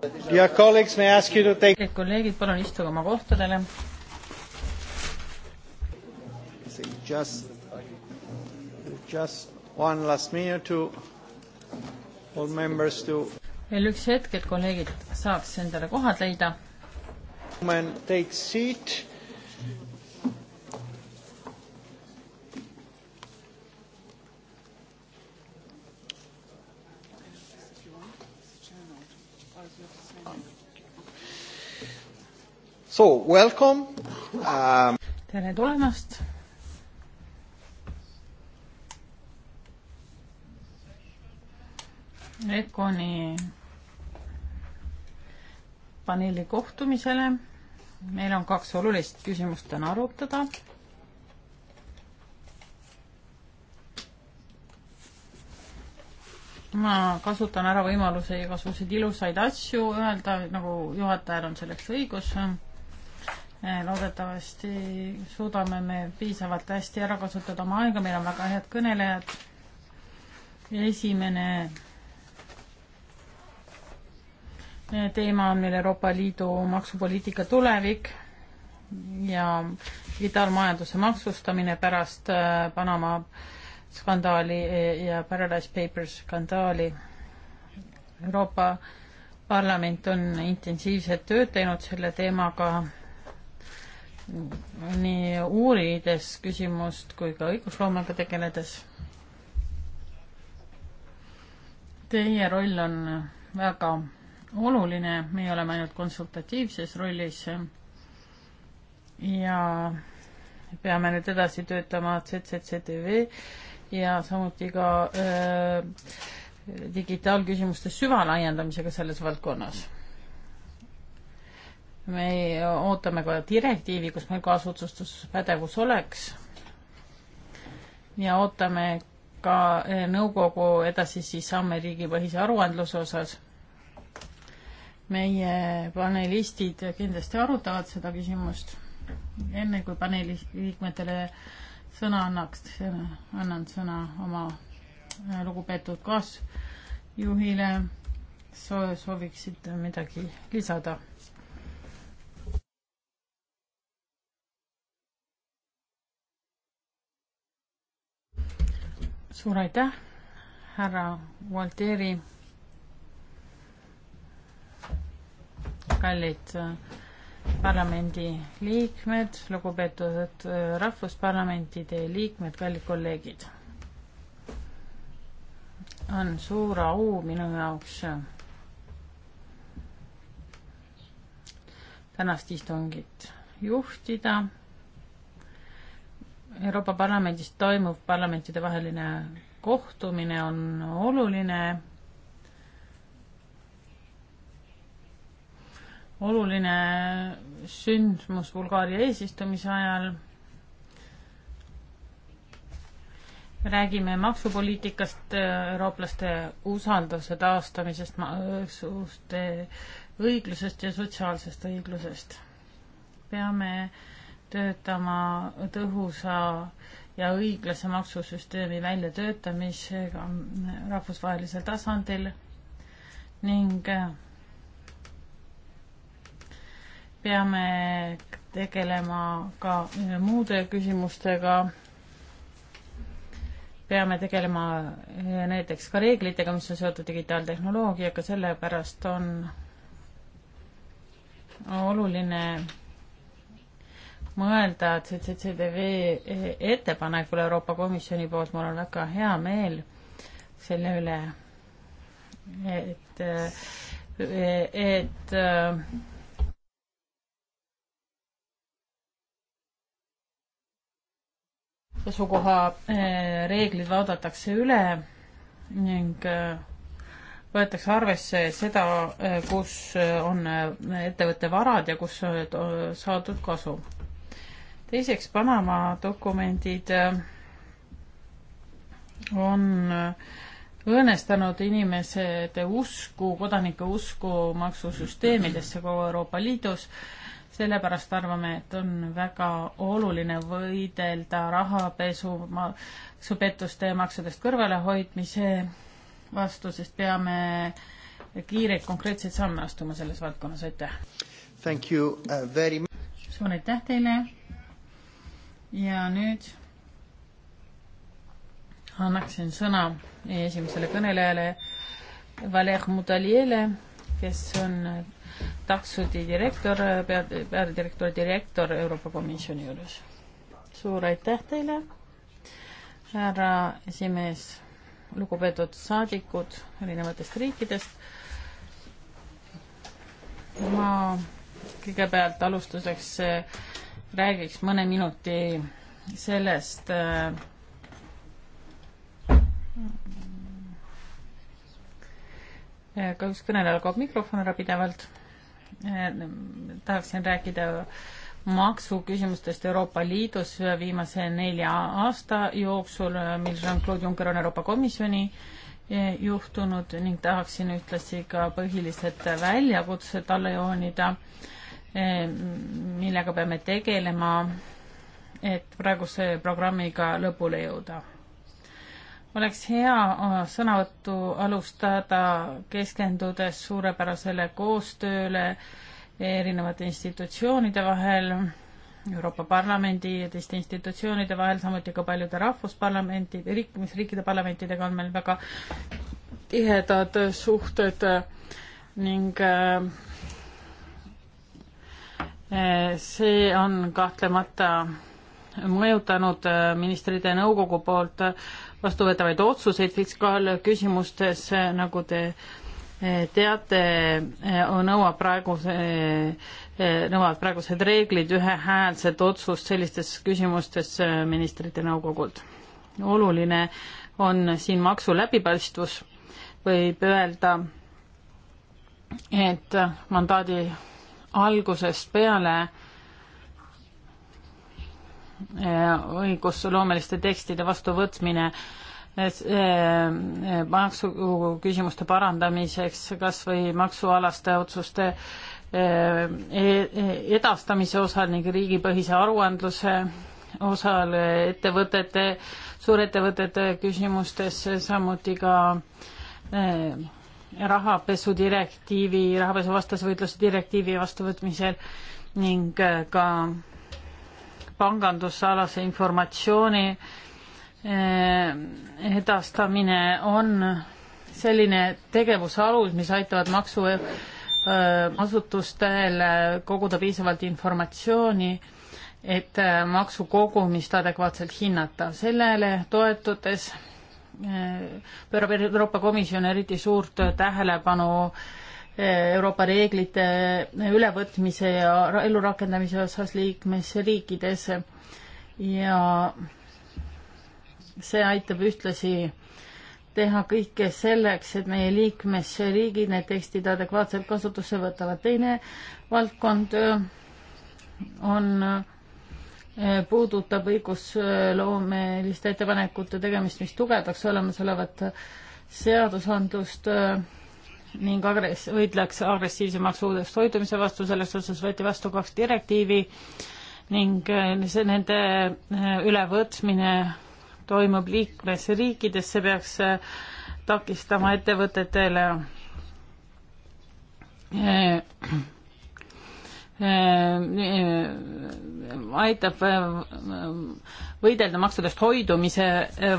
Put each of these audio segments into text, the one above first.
kõik kolleegid, palun istuge oma kohtadele. Just, just one last minute to all members to veel üks hetk, et kolleegid saaks endale kohad leida. Takes seat So welcome um.... tere tulemast. EKONi paneeli kohtumisele. meil on kaks olulist küsimust täna arutada ma kasutan ära võimaluse igasuguseid ilusaid asju öelda, nagu juhatajal on selleks õigus loodetavasti suudame me piisavalt hästi ära kasutada oma aega, meil on väga head kõnelejad. esimene teema on meil Euroopa Liidu maksupoliitika tulevik ja digitaalmajanduse maksustamine pärast äh, Panama skandaali ja Paradise Papers skandaali. Euroopa Parlament on intensiivset tööd teinud selle teemaga nii uurides küsimust kui ka õigusloomega tegeledes. Teie roll on väga oluline, meie oleme ainult konsultatiivses rollis ja peame nüüd edasi töötama CCCTV ja samuti ka öö, äh, digitaalküsimuste süvalaiendamisega selles valdkonnas me ootame ka direktiivi, kus meil kaasotsustuspädevus oleks ja ootame ka eh, nõukogu edasisi samme riigipõhise aruandluse osas. meie panelistid kindlasti arutavad seda küsimust. enne kui paneeli liikmetele sõna annaks, annan sõna oma äh, lugupeetud kaasjuhile. sooviksid midagi lisada? suur aitäh, härra Volteri. kallid äh, parlamendi liikmed, lugupeetud äh, rahvusparlamentide liikmed, kallid kolleegid. on suur au minu jaoks äh, tänast istungit juhtida Euroopa Parlamendis toimuv parlamentidevaheline kohtumine on oluline, oluline sündmus Bulgaaria eesistumise ajal. räägime maksupoliitikast, eurooplaste usalduse taastamisest, maksuste õiglusest ja sotsiaalsest õiglusest. peame äh, töötama tõhusa ja õiglase maksusüsteemi väljatöötamisega rahvusvahelisel tasandil ning äh, peame tegelema ka äh, muude küsimustega. peame tegelema äh, näiteks ka reeglitega, mis on seotud digitaaltehnoloogiaga, sellepärast on oluline mõelda CCCTV ettepanekule Euroopa Komisjoni poolt, mul on väga hea meel selle üle, et, et asukoha eh, reeglid vaadatakse üle ning eh, võetakse arvesse seda, eh, kus on ettevõtte varad ja kus saadud kasu teiseks, Panama dokumendid äh, on äh, õõnestanud inimesed usku, kodanike usku maksusüsteemidesse kogu Euroopa Liidus. sellepärast arvame, et on väga oluline võidelda rahapesu, maksupettuste ja maksudest kõrvalehoidmise vastu, sest peame kiireid konkreetseid samme astuma selles valdkonnas, aitäh! Uh, suur aitäh teile! ja nüüd annaksin sõna meie esimesele kõnelejale, Valer Mudaliele, kes on taksodi direktor, pead, peadirektor, direktor Euroopa Komisjoni juures. suur aitäh teile, härra esimees, lugupeetud saadikud erinevatest riikidest. ma kõigepealt alustuseks räägiks mõne minuti sellest äh, kahjuks kõnelejal kaob mikrofon ära pidevalt eh,. tahaksin rääkida maksuküsimustest Euroopa Liidus viimase nelja aasta jooksul, mil Jean-Claude Juncker on Euroopa Komisjoni eh, juhtunud ning tahaksin ühtlasi ka põhilised väljakutsed alla joonida eh, Ehm, millega peame tegelema, et praeguse programmiga lõpule jõuda. oleks hea äh, sõnavõttu alustada keskendudes suurepärasele koostööle erinevate institutsioonide vahel, Euroopa Parlamendi ja teiste institutsioonide vahel, samuti ka paljude rahvusparlamentide, liikmesriikide parlamentidega on meil väga tihedad suhted äh, ning äh, see on kahtlemata mõjutanud äh, ministrite nõukogu poolt vastuvõetavaid otsuseid fiskaalküsimustes, nagu te äh, teate, äh, nõuab praeguse, nõuavad praegused reeglid ühehäälset otsust sellistes küsimustes ministrite nõukogult. oluline on siin maksu läbipaistvus, võib öelda, et mandaadi algusest peale eh, õigusloomeliste tekstide vastuvõtmine eh, eh, maksuküsimuste parandamiseks kas või maksualaste otsuste e-, edastamise osal ning riigipõhise aruandluse osal ettevõtete, suurettevõtete küsimustes, samuti ka rahapesu direktiivi, rahapesuvastase võitluse direktiivi vastuvõtmisel ning äh, ka pangandusalase informatsiooni äh, edastamine on selline tegevusalus, mis aitavad maksuasutustel äh, koguda piisavalt informatsiooni, et maksukogumist adekvaatselt hinnata. sellele toetudes pöörab Euroopa Komisjon eriti suurt tähelepanu eh, Euroopa reeglite ülevõtmise ja ellurakendamise osas liikmesriikides ja see aitab ühtlasi teha kõike selleks, et meie liikmesriigid need tekstid adekvaatselt kasutusse võtavad. teine valdkond eh, on puudutab õigusloomeliste ettepanekute tegemist, mis tugevdaks olemasolevat seadusandlust äh, ning agress-, võitleks agressiivse maksudest hoidumise vastu, selles osas võeti vastu kaks direktiivi ning äh, see, nende äh, ülevõtmine toimub liikmesriikides, see peaks takistama ettevõtetele Äh, äh, aitab äh, võidelda maksudest hoidumise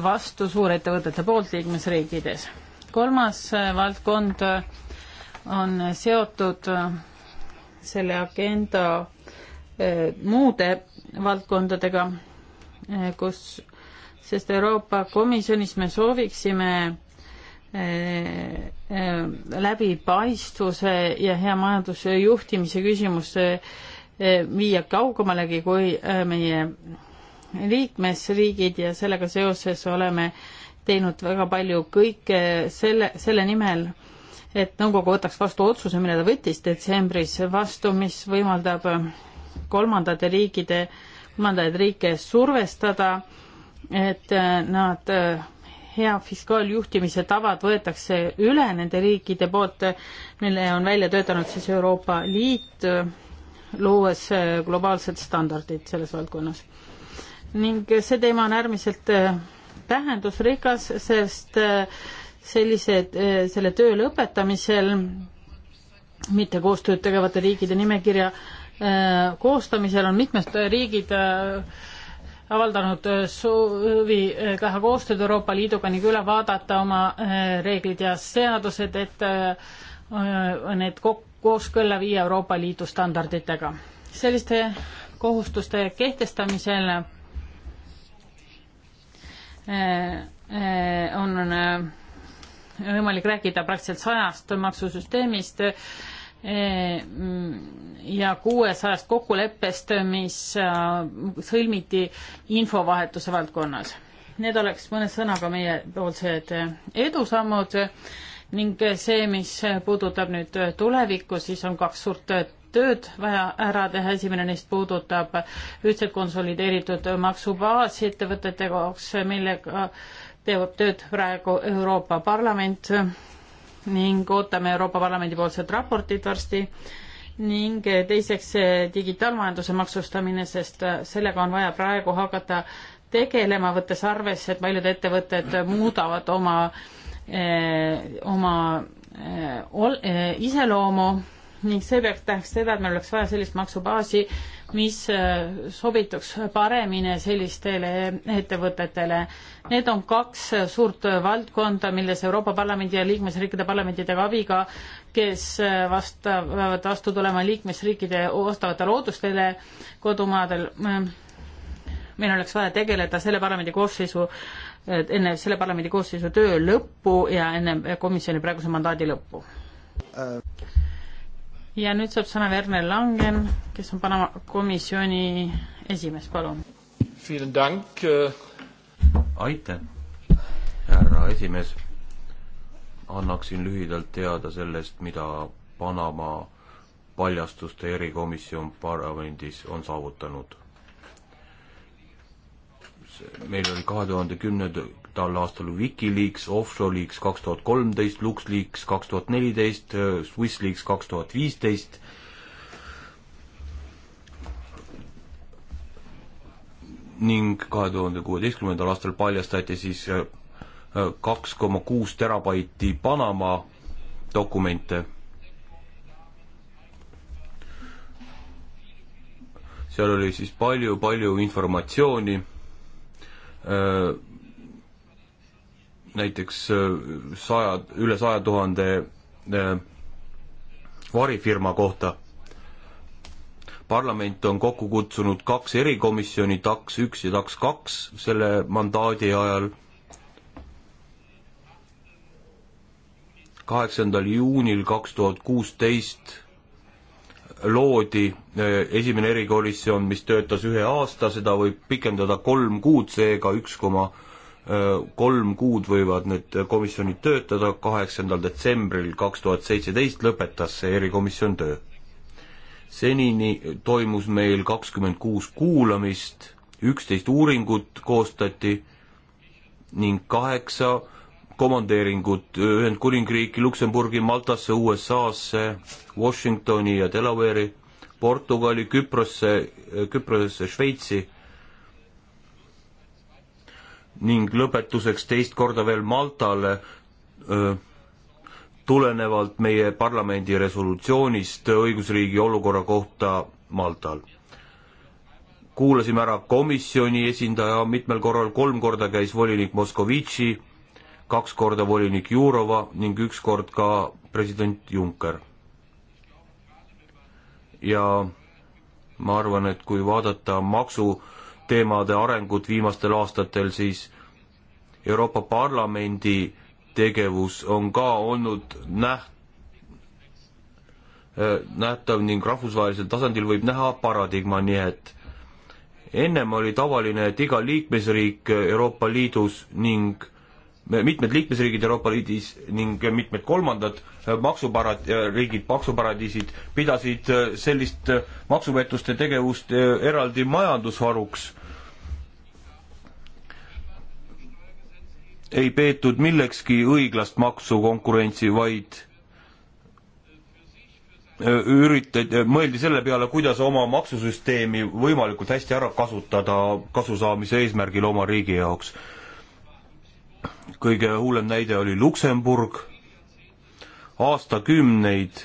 vastu suurettevõtete poolt liikmesriikides. kolmas valdkond on seotud selle agenda muude valdkondadega, kus, sest Euroopa Komisjonis me sooviksime Äh, äh, läbipaistvuse ja hea majanduse juhtimise küsimus äh, viia kaugemalegi kui meie liikmesriigid ja sellega seoses oleme teinud väga palju kõike selle, selle nimel, et nõukogu võtaks vastu otsuse, mille ta võttis detsembris vastu, mis võimaldab kolmandate riikide, kolmandaid riike survestada, et nad hea fiskaaljuhtimise tavad võetakse üle nende riikide poolt, mille on välja töötanud siis Euroopa Liit, luues globaalsed standardid selles valdkonnas. ning see teema on äärmiselt äh, tähendusrikas, sest äh, sellised, äh, selle töö lõpetamisel mitte koostööd tegevate riikide nimekirja koostamisel on mitmed riigid äh, avaldanud äh, soovi teha äh, koostööd Euroopa Liiduga ning üle vaadata oma äh, reeglid ja seadused, et need kooskõlla viia Euroopa Liidu standarditega. selliste kohustuste kehtestamisel on võimalik rääkida praktiliselt sajast maksusüsteemist ja kuuesajast kokkuleppest, mis äh, sõlmiti infovahetuse valdkonnas. Need oleks mõne sõnaga meiepoolsed äh, edusammud ning see, mis puudutab nüüd tulevikku, siis on kaks suurt tööd vaja ära teha, esimene neist puudutab ühtset konsolideeritud maksubaasi ettevõtete jaoks, millega teeb tööd praegu Euroopa Parlament ning ootame Euroopa Parlamendi poolset raportit varsti ning eh, teiseks eh, digitaalmajanduse maksustamine, sest eh, sellega on vaja praegu hakata tegelema, võttes arvesse, et paljud ettevõtted muudavad oma eh,, oma eh, ol, eh, iseloomu ning see peaks tähendaks seda, et meil oleks vaja sellist maksubaasi, mis äh, sobituks paremini sellistele ettevõtetele. Need on kaks suurt valdkonda, milles Euroopa Parlamendi ja liikmesriikide parlamentidega abiga, kes äh, vastav, peavad vastu tulema liikmesriikide vastavatele ootustele kodumaadel. meil oleks vaja tegeleda selle parlamendi koosseisu, äh, enne selle parlamendi koosseisu töö lõppu ja enne komisjoni praeguse mandaadi lõppu äh ja nüüd saab sõna Werner Langen, kes on Panama komisjoni esimees, palun. Äh, aitäh, härra esimees. annaksin lühidalt teada sellest, mida Panama paljastuste erikomisjon parlamendis on saavutanud. meil oli kahe tuhande kümnenda tal aastal Wikileaks, Offshoreleaks kaks tuhat kolmteist, LuxLeaks kaks tuhat neliteist, äh, SwissLeaks kaks tuhat viisteist. ning kahe tuhande kuueteistkümnendal aastal paljastati siis äh, äh, kaks koma kuus terabaiti Panama dokumente. seal oli siis palju-palju informatsiooni näiteks äh, saja, üle saja tuhande äh, varifirma kohta. parlament on kokku kutsunud kaks erikomisjoni, taks üks ja taks kaks selle mandaadi ajal. kaheksandal juunil kaks tuhat kuusteist loodi äh, esimene erikomisjon, mis töötas ühe aasta, seda võib pikendada kolm kuud, seega üks koma Äh, kolm kuud võivad need komisjonid töötada, kaheksandal detsembril kaks tuhat seitseteist lõpetas see erikomisjon töö. senini toimus meil kakskümmend kuus kuulamist, üksteist uuringut koostati ning kaheksa komandeeringut Ühendkuningriiki, Luksemburgi, Maltasse, USA-sse, Washingtoni ja Delaware'i, Portugali, Küprosse, Küprosesse, Šveitsi ning lõpetuseks teist korda veel Maltale öö, tulenevalt meie parlamendi resolutsioonist õigusriigi olukorra kohta Maltal. kuulasime ära komisjoni esindaja mitmel korral, kolm korda käis volinik Moskovitši, kaks korda volinik Jurova ning üks kord ka president Juncker. ja ma arvan, et kui vaadata maksu teemade arengut viimastel aastatel, siis Euroopa Parlamendi tegevus on ka olnud näht-, äh, nähtav ning rahvusvahelisel tasandil võib näha paradigma, nii et ennem oli tavaline, et iga liikmesriik Euroopa Liidus ning mitmed liikmesriigid Euroopa Liidis ning mitmed kolmandad äh, maksuparad-, äh, riigid, maksuparadiisid pidasid sellist maksupettuste tegevust eraldi majandusharuks ei peetud millekski õiglast maksu konkurentsi, vaid üritati, mõeldi selle peale, kuidas oma maksusüsteemi võimalikult hästi ära kasutada kasu saamise eesmärgil oma riigi jaoks. kõige hullem näide oli Luksemburg, aastakümneid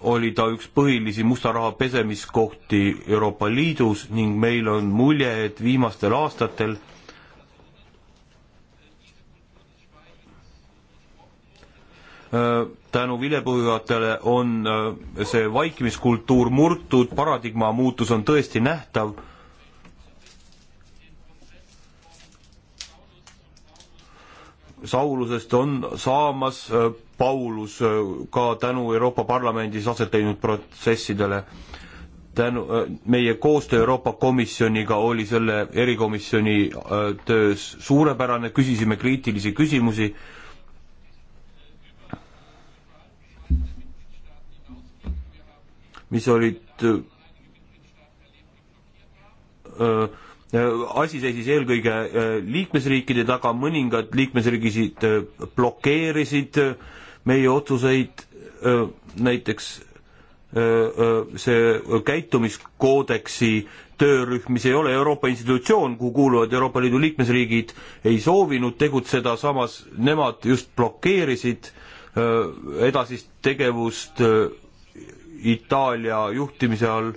oli ta üks põhilisi musta raha pesemiskohti Euroopa Liidus ning meil on mulje, et viimastel aastatel äh, tänu vilepõhjatele on äh, see vaikimiskultuur murtud, paradigma muutus on tõesti nähtav Saulusest on saamas äh, Paulus äh, ka tänu Euroopa Parlamendis aset leidnud protsessidele. tänu, äh, meie koostöö Euroopa Komisjoniga oli selle erikomisjoni töös suurepärane, küsisime kriitilisi küsimusi mis olid öö, Äh, asi seisis eelkõige äh, liikmesriikide taga, mõningad liikmesriigid äh, blokeerisid meie otsuseid, näiteks see käitumiskoodeksi töörühm, mis ei ole Euroopa institutsioon, kuhu kuuluvad Euroopa Liidu liikmesriigid, ei soovinud tegutseda, samas nemad just blokeerisid edasist tegevust Itaalia juhtimise all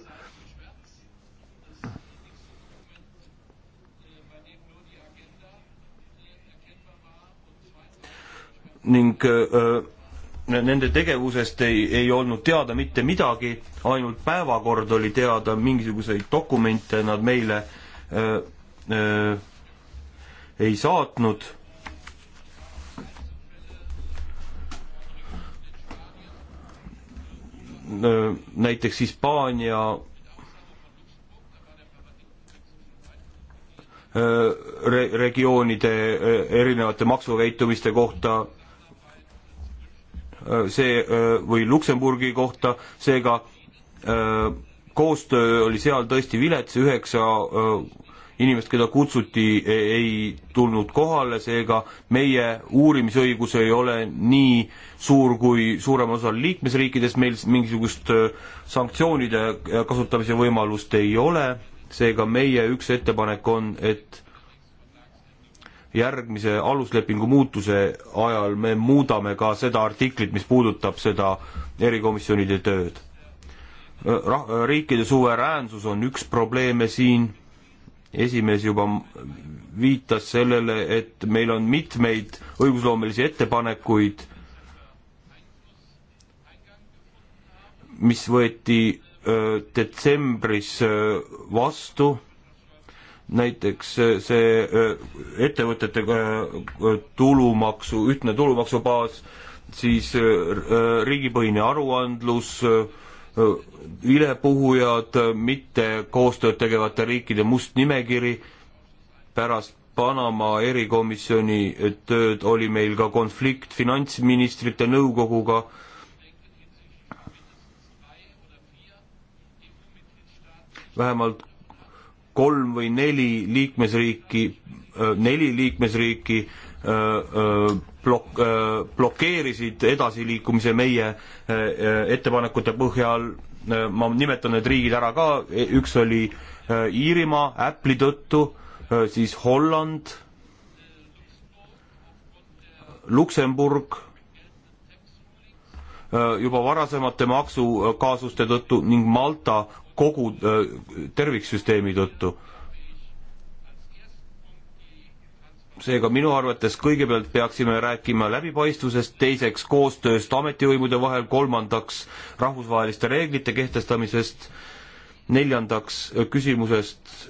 ning äh, äh, nende tegevusest ei, ei olnud teada mitte midagi, ainult päevakord oli teada, mingisuguseid dokumente nad meile öö, äh, öö, ei saatnud. näiteks Hispaania re-, regioonide erinevate maksukäitumiste kohta Äh, see äh, või Luksemburgi kohta, seega äh, koostöö oli seal tõesti vilets, üheksa inimest, keda kutsuti, e, ei tulnud kohale, seega meie uurimisõigus ei ole nii suur kui suuremal osal liikmesriikides, meil mingisugust sanktsioonide kasutamise võimalust ei ole, seega meie üks ettepanek on, et järgmise aluslepingu muutuse ajal me muudame ka seda artiklit, mis puudutab seda erikomisjonide tööd. Rah-, riikide suveräänsus on üks probleeme siin, esimees juba viitas sellele, et meil on mitmeid õigusloomelisi ettepanekuid, mis võeti öö, äh, detsembris öö, äh, vastu näiteks eh, see eh, ettevõtete eh, tulumaksu, ühtne tulumaksubaas, siis riigipõhine aruandlus, vilepuhujad, mitte koostööd tegevate riikide must nimekiri, pärast Panama erikomisjoni tööd oli meil ka konflikt finantsministrite nõukoguga, vähemalt kolm või neli liikmesriiki, neli liikmesriiki blok-, blokeerisid edasiliikumise meie ettepanekute põhjal, ma nimetan need riigid ära ka, üks oli Iirimaa Apple'i tõttu, siis Holland, Luksemburg, juba varasemate maksukaasuste tõttu ning Malta kogu terviksüsteemi tõttu. seega minu arvates kõigepealt peaksime rääkima läbipaistvusest, teiseks koostööst ametivõimude vahel, kolmandaks rahvusvaheliste reeglite kehtestamisest, neljandaks küsimusest,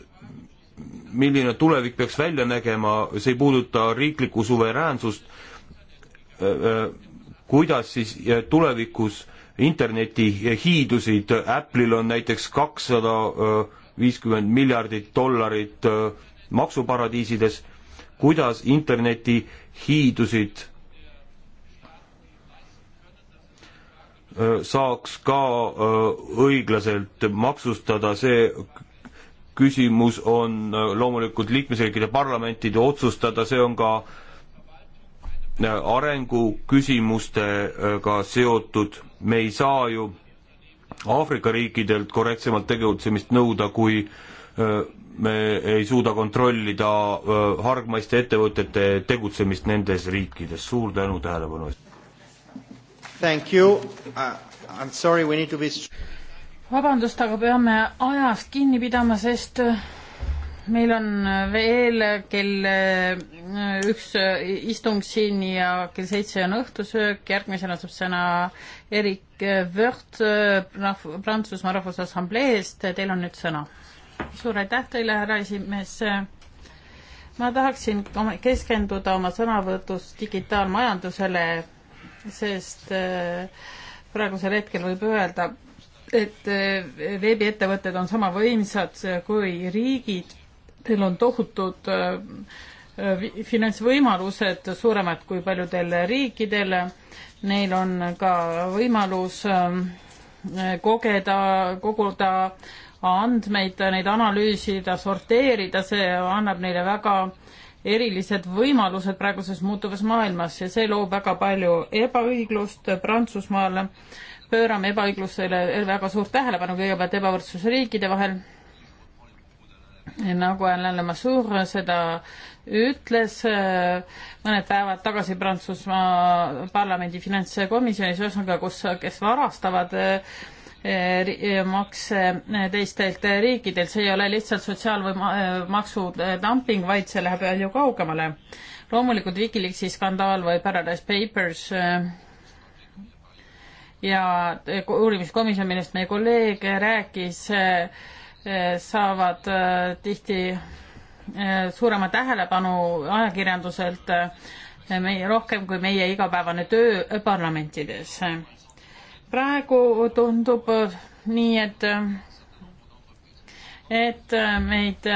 milline tulevik peaks välja nägema, see ei puuduta riiklikku suveräänsust, kuidas siis äh, tulevikus internetihiidusid, Apple'il on näiteks kakssada äh, viiskümmend miljardit dollarit äh, maksuparadiisides, kuidas internetihiidusid äh, saaks ka õiglaselt maksustada, see küsimus on loomulikult liikmesriikide parlamentide otsustada, see on ka arenguküsimustega seotud me ei saa ju Aafrika riikidelt korrektsemalt tegutsemist nõuda, kui me ei suuda kontrollida hargmaiste ettevõtete tegutsemist nendes riikides. suur tänu tähelepanu eest! Thank you uh,. I am sorry, we need to be vabandust, aga peame ajast kinni pidama, sest meil on veel kell äh, üks äh, istung siin ja kell seitse on õhtusöök, järgmisena saab sõna Erik äh, Wörth Prantsusmaa Rahvusassambleest, teil on nüüd sõna. suur aitäh teile, härra esimees. ma tahaksin keskenduda oma sõnavõtus digitaalmajandusele, sest praegusel hetkel võib öelda, et veebiettevõtted on sama võimsad kui riigid teil on tohutud äh, äh, finantsvõimalused suuremad kui paljudel riikidel. Neil on ka võimalus ähm, äh, kogeda, koguda andmeid, neid analüüsida, sorteerida, see annab neile väga erilised võimalused praeguses muutuvas maailmas ja see loob väga palju ebaõiglust Prantsusmaal. pöörame ebaõiglusele väga suurt tähelepanu, kõigepealt ebavõrdsus riikide vahel nagu Alain Lamassoure seda ütles äh, mõned päevad tagasi Prantsusmaa parlamendi finantskomisjonis, ühesõnaga, kus, kes varastavad äh, äh, makse teistelt riikidelt, see ei ole lihtsalt sotsiaal- või maksudumping, vaid see läheb palju kaugemale. loomulikult Wikileaksi skandaal või Paradise Papers ja uurimiskomisjon, millest meie kolleeg rääkis, Eh, saavad eh, tihti eh, suurema tähelepanu ajakirjanduselt meie, rohkem kui meie igapäevane töö parlamentides. praegu tundub nii, et et meid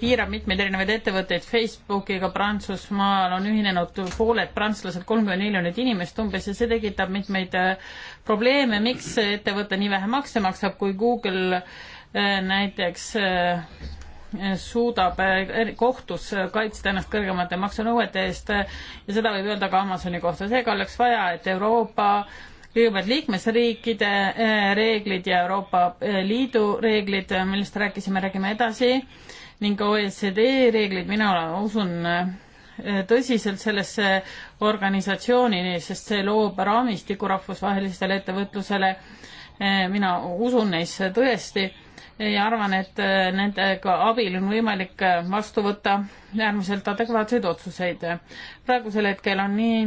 piirab mitmeid erinevaid ettevõtteid Facebookiga, Prantsusmaal on ühinenud pooled prantslased, kolmkümmend miljonit inimest umbes ja see tekitab mitmeid probleeme, miks ettevõte nii vähe makse maksab, kui Google Eh, näiteks eh, suudab eh, kohtus kaitsta ennast kõrgemate maksunõuete eest ja seda võib öelda ka Amazoni kohta. seega oleks vaja, et Euroopa kõigepealt liikmesriikide reeglid ja Euroopa Liidu reeglid, millest rääkisime, räägime edasi, ning OECD reeglid, mina usun tõsiselt sellesse organisatsiooni, sest see loob raamistiku rahvusvahelisele ettevõtlusele. mina usun neisse tõesti ja arvan, et äh, nendega abil on võimalik äh, vastu võtta äärmiselt adekvaatseid otsuseid. praegusel hetkel on nii,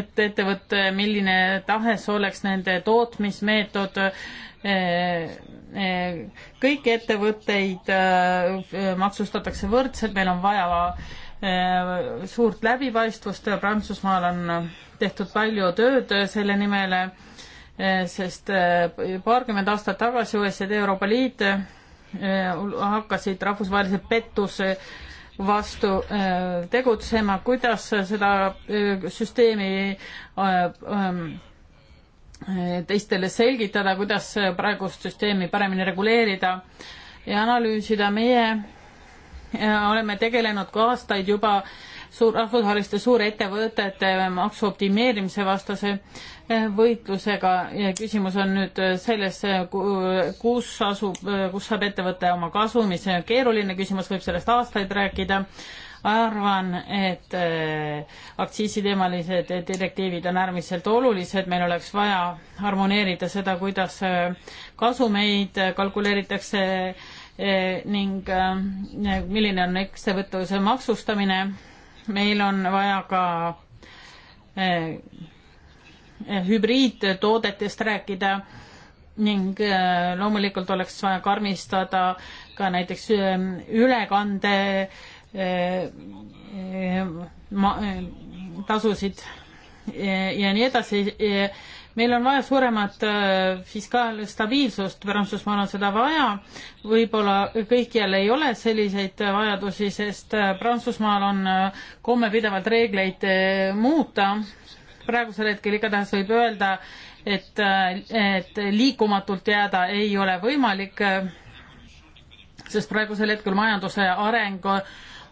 et ettevõte, milline tahes oleks nende tootmismeetod, äh, kõiki ettevõtteid maksustatakse võrdselt, meil on vaja suurt läbipaistvust, Prantsusmaal on tehtud palju tööd selle nimel Eh, sest eh, paarkümmend aastat tagasi OECD Euroopa Liit eh, hakkasid rahvusvahelise pettuse vastu tegutsema, kuidas seda süsteemi teistele selgitada, kuidas praegust süsteemi paremini reguleerida ja analüüsida. meie oleme tegelenud ka aastaid juba suur, rahvusvaheliste suurettevõtete maksu optimeerimise vastase võitlusega ja küsimus on nüüd selles, kus asub, kus saab ettevõte oma kasumi, see on keeruline küsimus, võib sellest aastaid rääkida. arvan, et äh, aktsiisiteemalised direktiivid on äärmiselt olulised, meil oleks vaja harmoneerida seda, kuidas äh, kasumeid äh, kalkuleeritakse ning milline on ettevõtluse maksustamine. meil on vaja ka hübriidtoodetest rääkida ning äh, loomulikult oleks vaja karmistada ka näiteks äh, ülekande äh, tasusid ja nii edasi. meil on vaja suuremat fiskaalstabiilsust, Prantsusmaal on seda vaja, võib-olla kõikjal ei ole selliseid vajadusi, sest Prantsusmaal on komme pidevalt reegleid muuta praegusel hetkel igatahes võib öelda, et, et liikumatult jääda ei ole võimalik, sest praegusel hetkel majanduse areng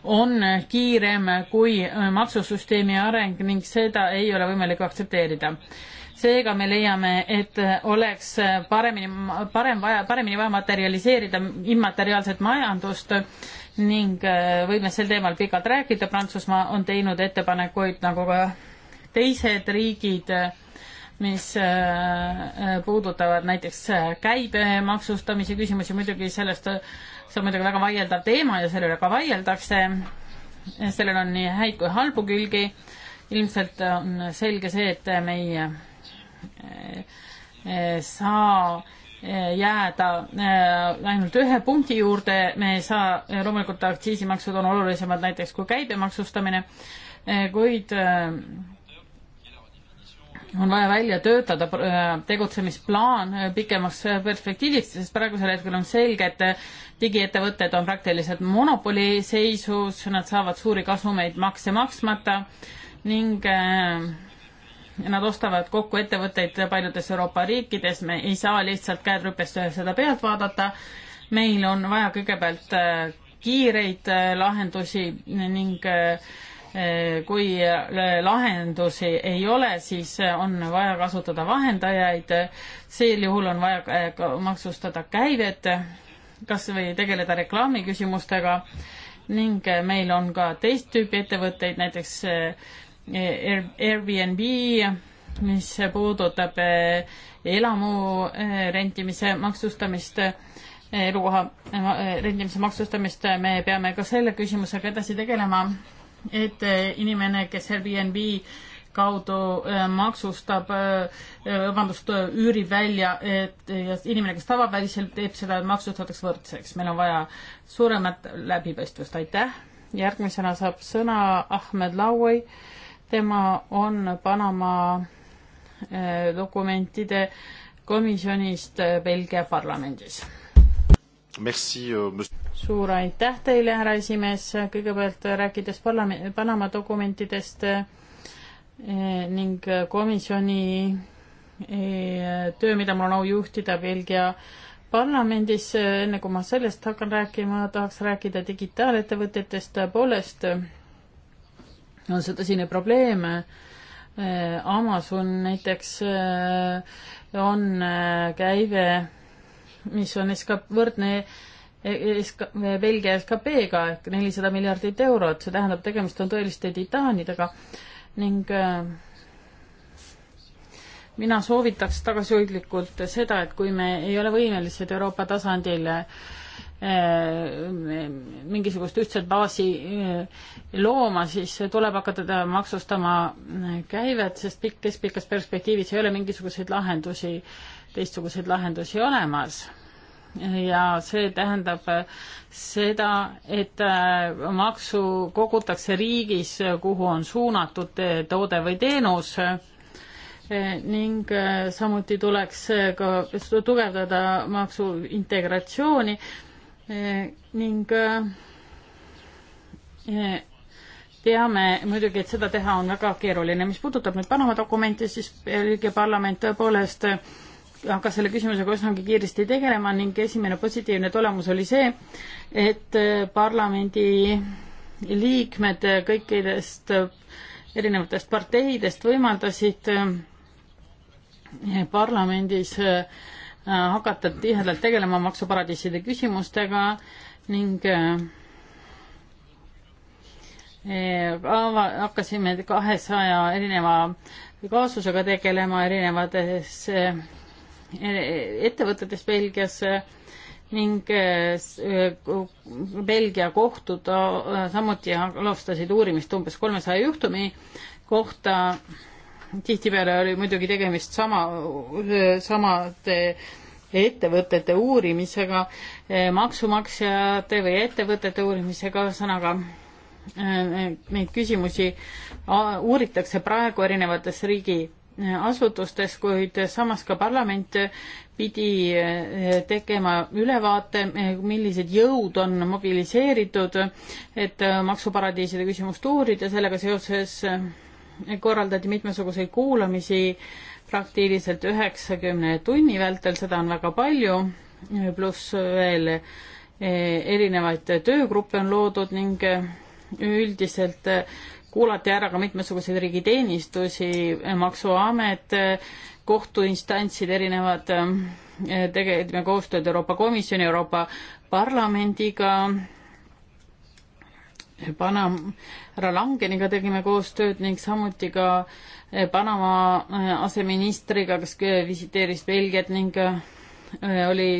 on kiirem kui maksusüsteemi areng ning seda ei ole võimalik aktsepteerida. seega me leiame, et oleks paremini, parem vaja, paremini vaja materialiseerida immateriaalset majandust ning võime sel teemal pikalt rääkida, Prantsusmaa on teinud ettepanekuid, nagu ka teised riigid, mis äh, äh, puudutavad näiteks äh, käibe maksustamise küsimusi, muidugi sellest, see on muidugi väga vaieldav teema ja selle üle ka vaieldakse. sellel on nii häid kui halbu külgi. ilmselt on selge see, et me ei saa jääda ainult ühe punkti juurde, me ei saa, loomulikult aktsiisimaksud on olulisemad näiteks kui käibemaksustamine, kuid on vaja välja töötada äh, tegutsemisplaan äh, pikemas äh, perspektiivis, sest praegusel hetkel on selge, et digiettevõtted on praktiliselt monopoli seisus, nad saavad suuri kasumeid makse maksmata ning nad ostavad kokku ettevõtteid paljudes Euroopa riikides, me ei saa lihtsalt käed rüpes seda pealt vaadata, meil on vaja kõigepealt kiireid lahendusi ning äh, Eh, kui eh, lahendusi ei ole, siis eh, on vaja kasutada vahendajaid, sel juhul on vaja maksustada käivet, kas või tegeleda reklaamiküsimustega ning meil on ka teist tüüpi ettevõtteid, näiteks Airbnb, mis puudutab elamu rentimise maksustamist, elukoha rentimise maksustamist, me peame ka selle küsimusega edasi tegelema et äh, inimene, kes Airbnb kaudu äh, maksustab, äh, vabandust, üürib välja, et inimene, kes tavapäraselt teeb seda, maksustatakse võrdseks. meil on vaja suuremat läbipaistvust, aitäh. järgmisena saab sõna Ahmed Lauai. tema on Panama dokumentide komisjonist Belgia parlamendis Euh, suur aitäh teile, härra esimees, kõigepealt rääkides parlamendi, Panama dokumentidest eh, ning komisjoni eh, töö, mida mul on au juhtida Belgia parlamendis, enne kui ma sellest hakkan rääkima, tahaks rääkida digitaalettevõtetest, tõepoolest on see tõsine probleem. Eh, Amazon näiteks on käive mis on SK, võrdne e-, SK, Belgia SKP-ga ehk nelisada miljardit eurot, see tähendab, tegemist on tõeliste titaanidega ning äh, mina soovitaks tagasihoidlikult seda, et kui me ei ole võimelised Euroopa tasandil äh, mingisugust ühtset baasi äh, looma, siis tuleb hakata maksustama käivet, sest pikk, keskpikas perspektiivis ei ole mingisuguseid lahendusi äh, teistsuguseid lahendusi olemas ja see tähendab äh, seda, et äh, maksu kogutakse riigis, äh, kuhu on suunatud toode või teenus ning samuti tuleks ka tugevdada maksuintegratsiooni ning teame muidugi, et seda teha on väga keeruline. mis puudutab nüüd Panama dokumente, siis Belgia parlament tõepoolest hakkas selle küsimusega üsnagi kiiresti tegelema ning esimene positiivne tulemus oli see, et äh, parlamendi liikmed kõikidest äh, erinevatest parteidest võimaldasid äh, parlamendis hakata tihedalt tegelema maksuparadiiside küsimustega ning hakkasime kahesaja erineva kaasusega tegelema erinevates ettevõtetes Belgias ning eh, Belgia kohtud eh, samuti alustasid uurimist umbes kolmesaja juhtumi kohta. tihtipeale oli muidugi tegemist sama, samade ettevõtete uurimisega, eh, maksumaksjate või ettevõtete uurimisega, ühesõnaga neid küsimusi uuritakse praegu erinevates riigi asutustes, kuid samas ka parlament pidi eh, tegema ülevaate, eh, millised jõud on mobiliseeritud, et eh, maksuparadiiside küsimust uurida, sellega seoses korraldati mitmesuguseid kuulamisi praktiliselt üheksakümne tunni vältel, seda on väga palju, pluss veel erinevaid töögruppe on loodud ning üldiselt kuulati ära ka mitmesuguseid riigiteenistusi, Maksuamet, kohtuinstantsid, erinevad, ähm, tegime koostööd Euroopa Komisjoni, Euroopa Parlamendiga, Panam-, härra Langeniga tegime koostööd ning samuti ka äh, Panama äh, aseministriga, kes äh, visiteeris Belgiat ning oli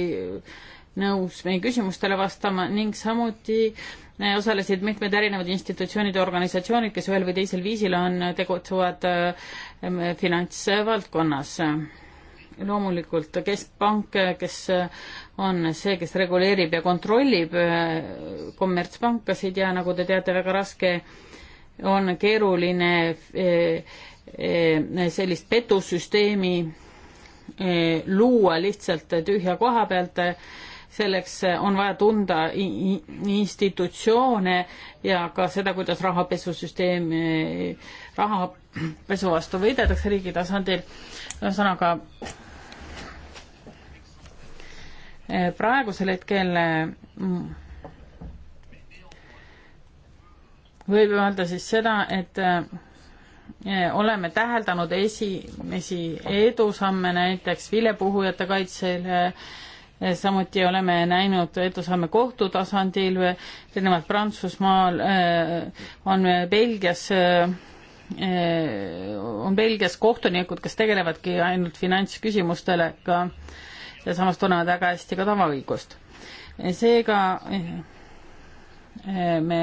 nõus meie küsimustele vastama ning samuti äh, osalesid mitmed erinevad institutsioonid ja organisatsioonid, kes ühel või teisel viisil on äh, tegutsevad äh, finantsvaldkonnas. loomulikult Keskpank, kes on see, kes reguleerib ja kontrollib kommertspankasid ja nagu te teate, väga raske on keeruline sellist petusüsteemi luua lihtsalt tühja koha pealt selleks on vaja tunda institutsioone ja ka seda, kuidas rahapesusüsteem, rahapesu vastu võideldakse riigi tasandil. ühesõnaga praegusel hetkel mm, võib öelda siis seda, et eh, oleme täheldanud esimesi edusamme näiteks vilepuhujate kaitsele äh, samuti oleme näinud edusamme kohtu tasandil, erinevalt Prantsusmaal äh, on Belgias äh, on Belgias kohtunikud, kes tegelevadki ainult finantsküsimustele, ka ja samas tunnevad väga hästi ka tavaõigust. seega äh, me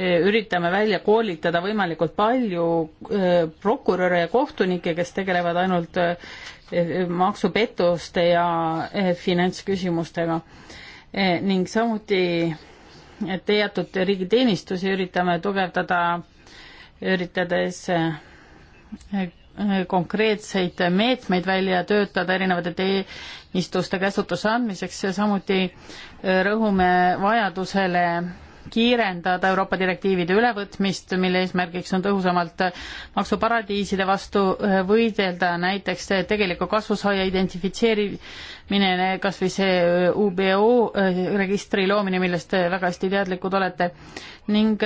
üritame välja koolitada võimalikult palju äh, prokuröre ja kohtunikke, kes tegelevad ainult äh, maksupettuste ja äh, finantsküsimustega. ning samuti teatud riigiteenistusi üritame tugevdada, üritades konkreetseid meetmeid välja töötada erinevate teenistuste käsutusse andmiseks ja samuti rõhume vajadusele kiirendada Euroopa direktiivide ülevõtmist, mille eesmärgiks on tõhusamalt maksuparadiiside vastu äh, võidelda, näiteks tegeliku kasvusaaja identifitseerimine, kas või see äh, UBO äh, registri loomine, millest te väga hästi teadlikud olete, ning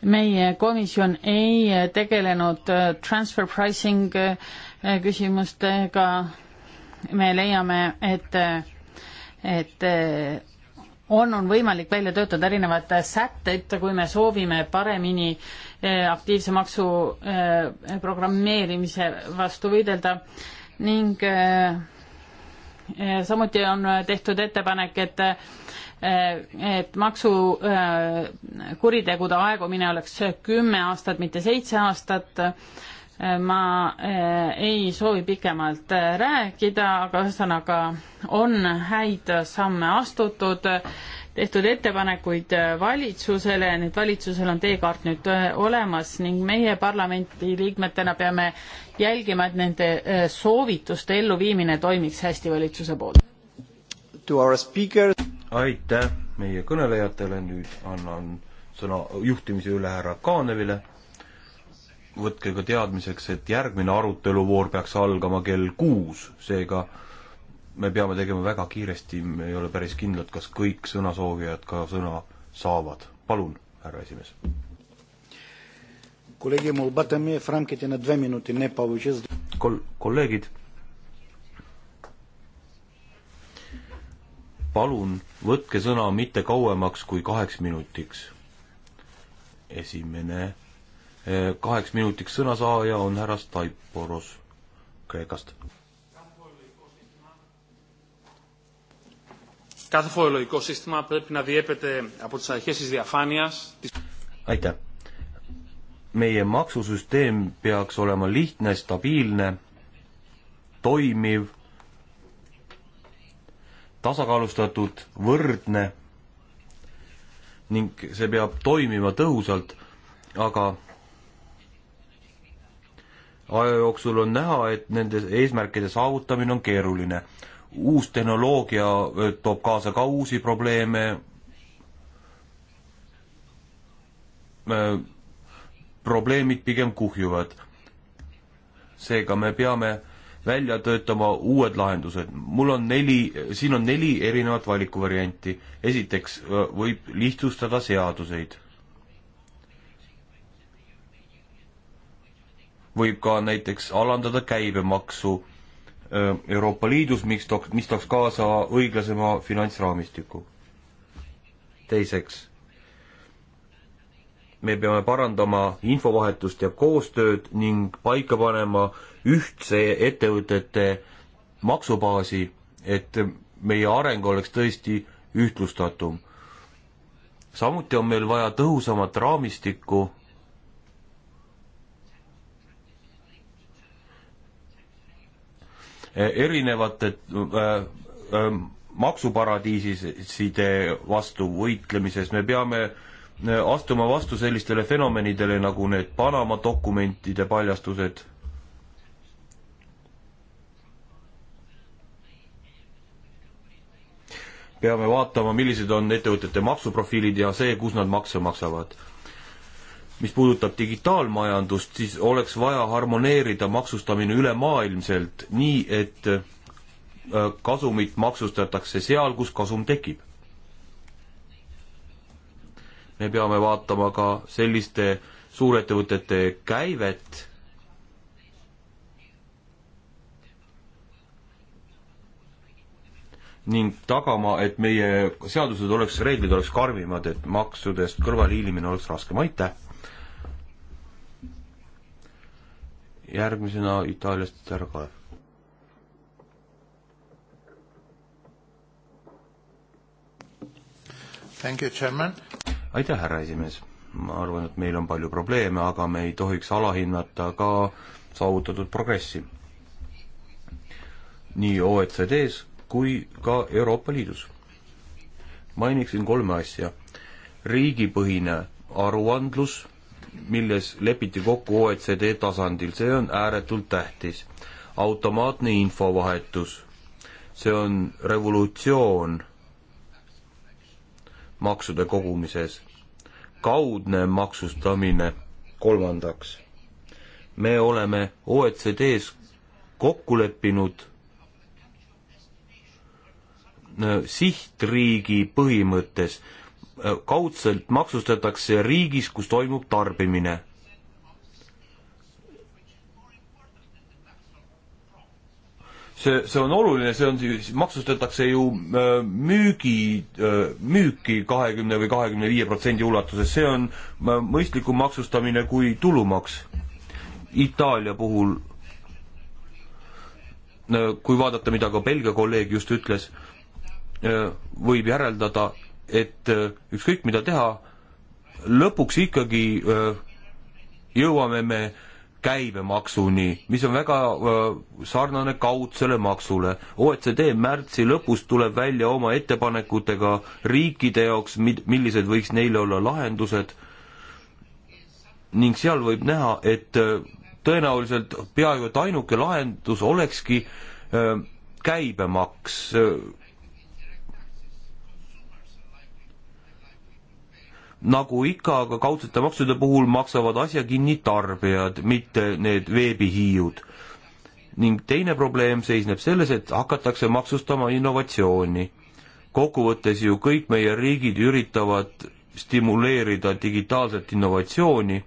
meie komisjon ei tegelenud transfer pricing küsimustega, me leiame, et et eh, on, on võimalik välja töötada erinevad sätted, kui me soovime paremini eh, aktiivse maksu eh, programmeerimise vastu võidelda ning samuti on tehtud ettepanek, et et maksukuritegude aegumine oleks kümme aastat, mitte seitse aastat ma eh, ei soovi pikemalt eh, rääkida, aga ühesõnaga on häid samme astutud, tehtud ettepanekuid eh, valitsusele, nüüd valitsusel on teekaart nüüd olemas ning meie parlamenti liikmetena peame jälgima, et nende soovituste elluviimine toimiks hästi valitsuse poolt. aitäh meie kõnelejatele, nüüd annan sõna juhtimise üle härra Kaanevile võtke ka teadmiseks, et järgmine aruteluvoor peaks algama kell kuus, seega me peame tegema väga kiiresti, me ei ole päris kindlad, kas kõik sõnasoovijad ka sõna saavad. palun, härra esimees. Kol-, kolleegid, palun võtke sõna mitte kauemaks kui kaheks minutiks. esimene kaheks minutiks sõnasaaja on härra Staiporos Kreekast. Κάθε φορολογικό σύστημα πρέπει να διέπεται από τις αρχές της διαφάνειας. Της... Aitäh. Meie maksusüsteem peaks olema lihtne, stabiilne, toimiv, tasakaalustatud, võrdne ning see peab toimima tõhusalt, aga aja jooksul on näha, et nende eesmärkide saavutamine on keeruline. uus tehnoloogia toob kaasa ka uusi probleeme. probleemid pigem kuhjuvad. seega me peame välja töötama uued lahendused. mul on neli, siin on neli erinevat valikuvarianti. esiteks võib lihtsustada seaduseid võib ka näiteks alandada käibemaksu Euroopa Liidus, mis tooks, mis tooks kaasa õiglasema finantsraamistiku. teiseks, me peame parandama infovahetust ja koostööd ning paika panema ühtse ettevõtete maksubaasi, et meie areng oleks tõesti ühtlustatum. samuti on meil vaja tõhusamat raamistikku Eh, erinevate eh, eh, maksuparadiiside vastu võitlemises, me peame astuma vastu sellistele fenomenidele nagu need Panama dokumentide paljastused peame vaatama, millised on ettevõtete maksuprofiilid ja see, kus nad makse maksavad mis puudutab digitaalmajandust, siis oleks vaja harmoneerida maksustamine ülemaailmselt nii, et äh, kasumit maksustatakse seal, kus kasum tekib. me peame vaatama ka selliste suurettevõtete käivet, ning tagama, et meie seadused oleks, reeglid oleks karmimad, et maksudest kõrvalehiilimine oleks raskem, aitäh! järgmisena Itaaliast härra Kalev. Thank you, chairman. aitäh, härra esimees. ma arvan, et meil on palju probleeme, aga me ei tohiks alahinnata ka saavutatud progressi. nii OECD-s kui ka Euroopa Liidus. mainiksin kolme asja. riigipõhine aruandlus milles lepiti kokku OECD tasandil, see on ääretult tähtis. automaatne infovahetus, see on revolutsioon maksude kogumises. kaudne maksustamine kolmandaks. me oleme OECD-s kokku leppinud äh, sihtriigi põhimõttes Äh, kaudselt maksustatakse riigis, kus toimub tarbimine. see, see on oluline, see on siis, maksustatakse ju äh, müügi, äh, müüki kahekümne või kahekümne viie protsendi ulatuses, see on mõistlikum maksustamine kui tulumaks. Itaalia puhul, kui vaadata, mida ka Belgia kolleeg just ütles, võib järeldada, et äh, ükskõik mida teha, lõpuks ikkagi äh, jõuame me käibemaksuni, mis on väga äh, sarnane kaudsele maksule. OECD märtsi lõpus tuleb välja oma ettepanekutega riikide jaoks, millised võiks neile olla lahendused ning seal võib näha, et tõenäoliselt peaaegu et ainuke lahendus olekski käibemaks nagu ikka aga kaudsete maksude puhul maksavad asja kinni tarbijad, mitte need veebihiiud. ning teine probleem seisneb selles, et hakatakse maksustama innovatsiooni. kokkuvõttes ju kõik meie riigid üritavad stimuleerida digitaalset innovatsiooni,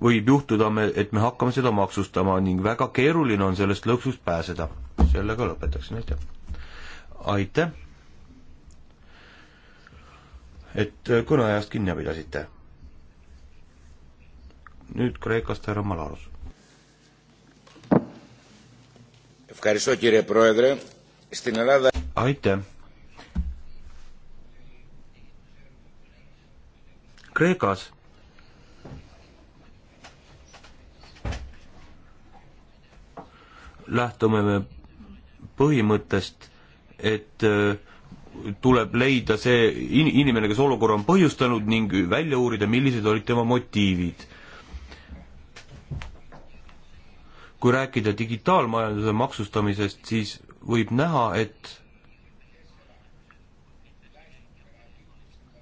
võib juhtuda me, et me hakkame seda maksustama ning väga keeruline on sellest lõksust pääseda. sellega lõpetaksin, aitäh! aitäh! et kõneajast kinni pidasite. nüüd Kreekast härra Malaros. aitäh. Kreekas lähtume me põhimõttest, et äh, tuleb leida see in-, inimene, kes olukorra on põhjustanud ning välja uurida, millised olid tema motiivid. kui rääkida digitaalmajanduse maksustamisest, siis võib näha, et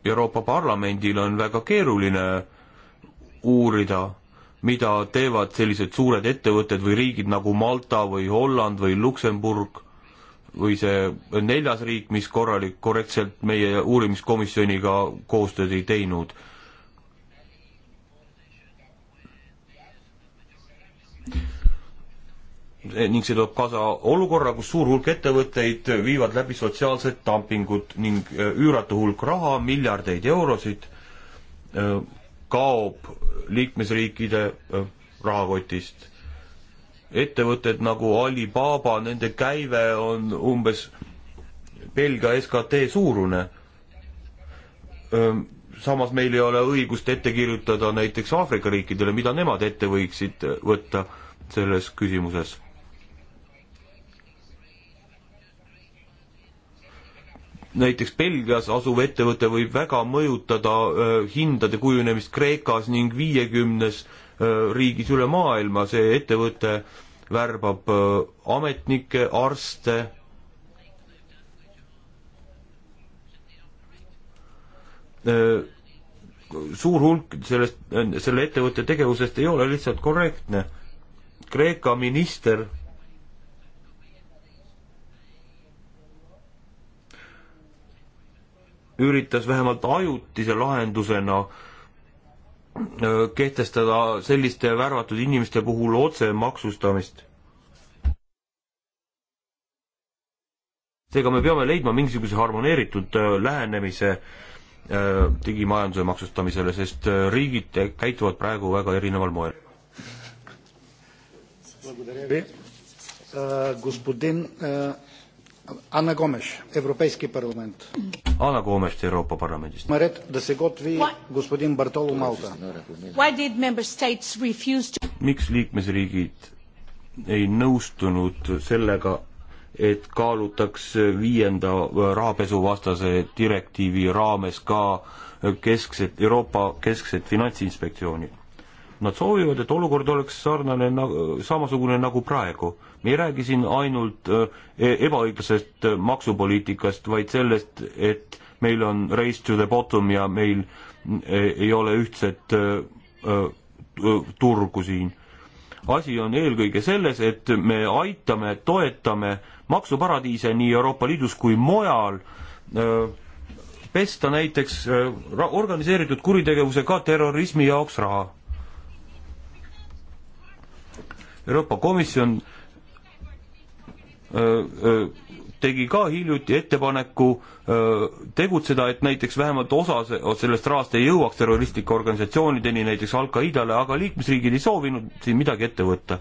Euroopa Parlamendil on väga keeruline uurida, mida teevad sellised suured ettevõtted või riigid nagu Malta või Holland või Luksemburg või see neljas riik, mis korralik, korrektselt meie uurimiskomisjoniga koostööd ei teinud. Eh, ning see toob kaasa olukorra, kus suur hulk ettevõtteid viivad läbi sotsiaalset dumpingut ning eh, üüratu hulk raha, miljardeid eurosid, eh, kaob liikmesriikide rahakotist ettevõtted nagu Alibaba, nende käive on umbes Belgia SKT suurune. samas meil ei ole õigust ette kirjutada näiteks Aafrika riikidele, mida nemad ette võiksid võtta selles küsimuses. näiteks Belgias asuv ettevõte võib väga mõjutada hindade kujunemist Kreekas ning viiekümnes 50 Äh, riigis üle maailma, see ettevõte värbab äh, ametnikke, arste, äh, suur hulk sellest, selle ettevõtte tegevusest ei ole lihtsalt korrektne. Kreeka minister üritas vähemalt ajutise lahendusena äh, Äh, kehtestada selliste värvatud inimeste puhul otsemaksustamist. seega me peame leidma mingisuguse harmoneeritud äh, lähenemise äh, digimajanduse maksustamisele, sest riigid käituvad praegu väga erineval moel. Господин Anna Gomes, Европейски парламент. Anna Gomes Euroopa Parlamendist. Мред да се готви господин Бартоло Малта. Why did member states refuse to... miks liikmesriigid ei nõustunud sellega, et kaalutaks viienda rahapesuvastase direktiivi raames ka keskset, Euroopa keskset finantsinspektsiooni? Nad soovivad, et olukord oleks sarnane nagu, samasugune nagu praegu. me ei räägi siin ainult äh, e-, ebaõiglasest äh, maksupoliitikast, vaid sellest, et meil on race to the bottom ja meil äh, ei ole ühtset turgu siin. asi on eelkõige selles, et me aitame, toetame maksuparadiise nii Euroopa Liidus kui mujal pesta näiteks organiseeritud kuritegevuse ka terrorismi jaoks raha. Euroopa Komisjon tegi ka hiljuti ettepaneku tegutseda, et näiteks vähemalt osa sellest rahast ei jõuaks terroristlike organisatsioonideni, näiteks Al-Qaedale, aga liikmesriigid ei soovinud siin midagi ette võtta.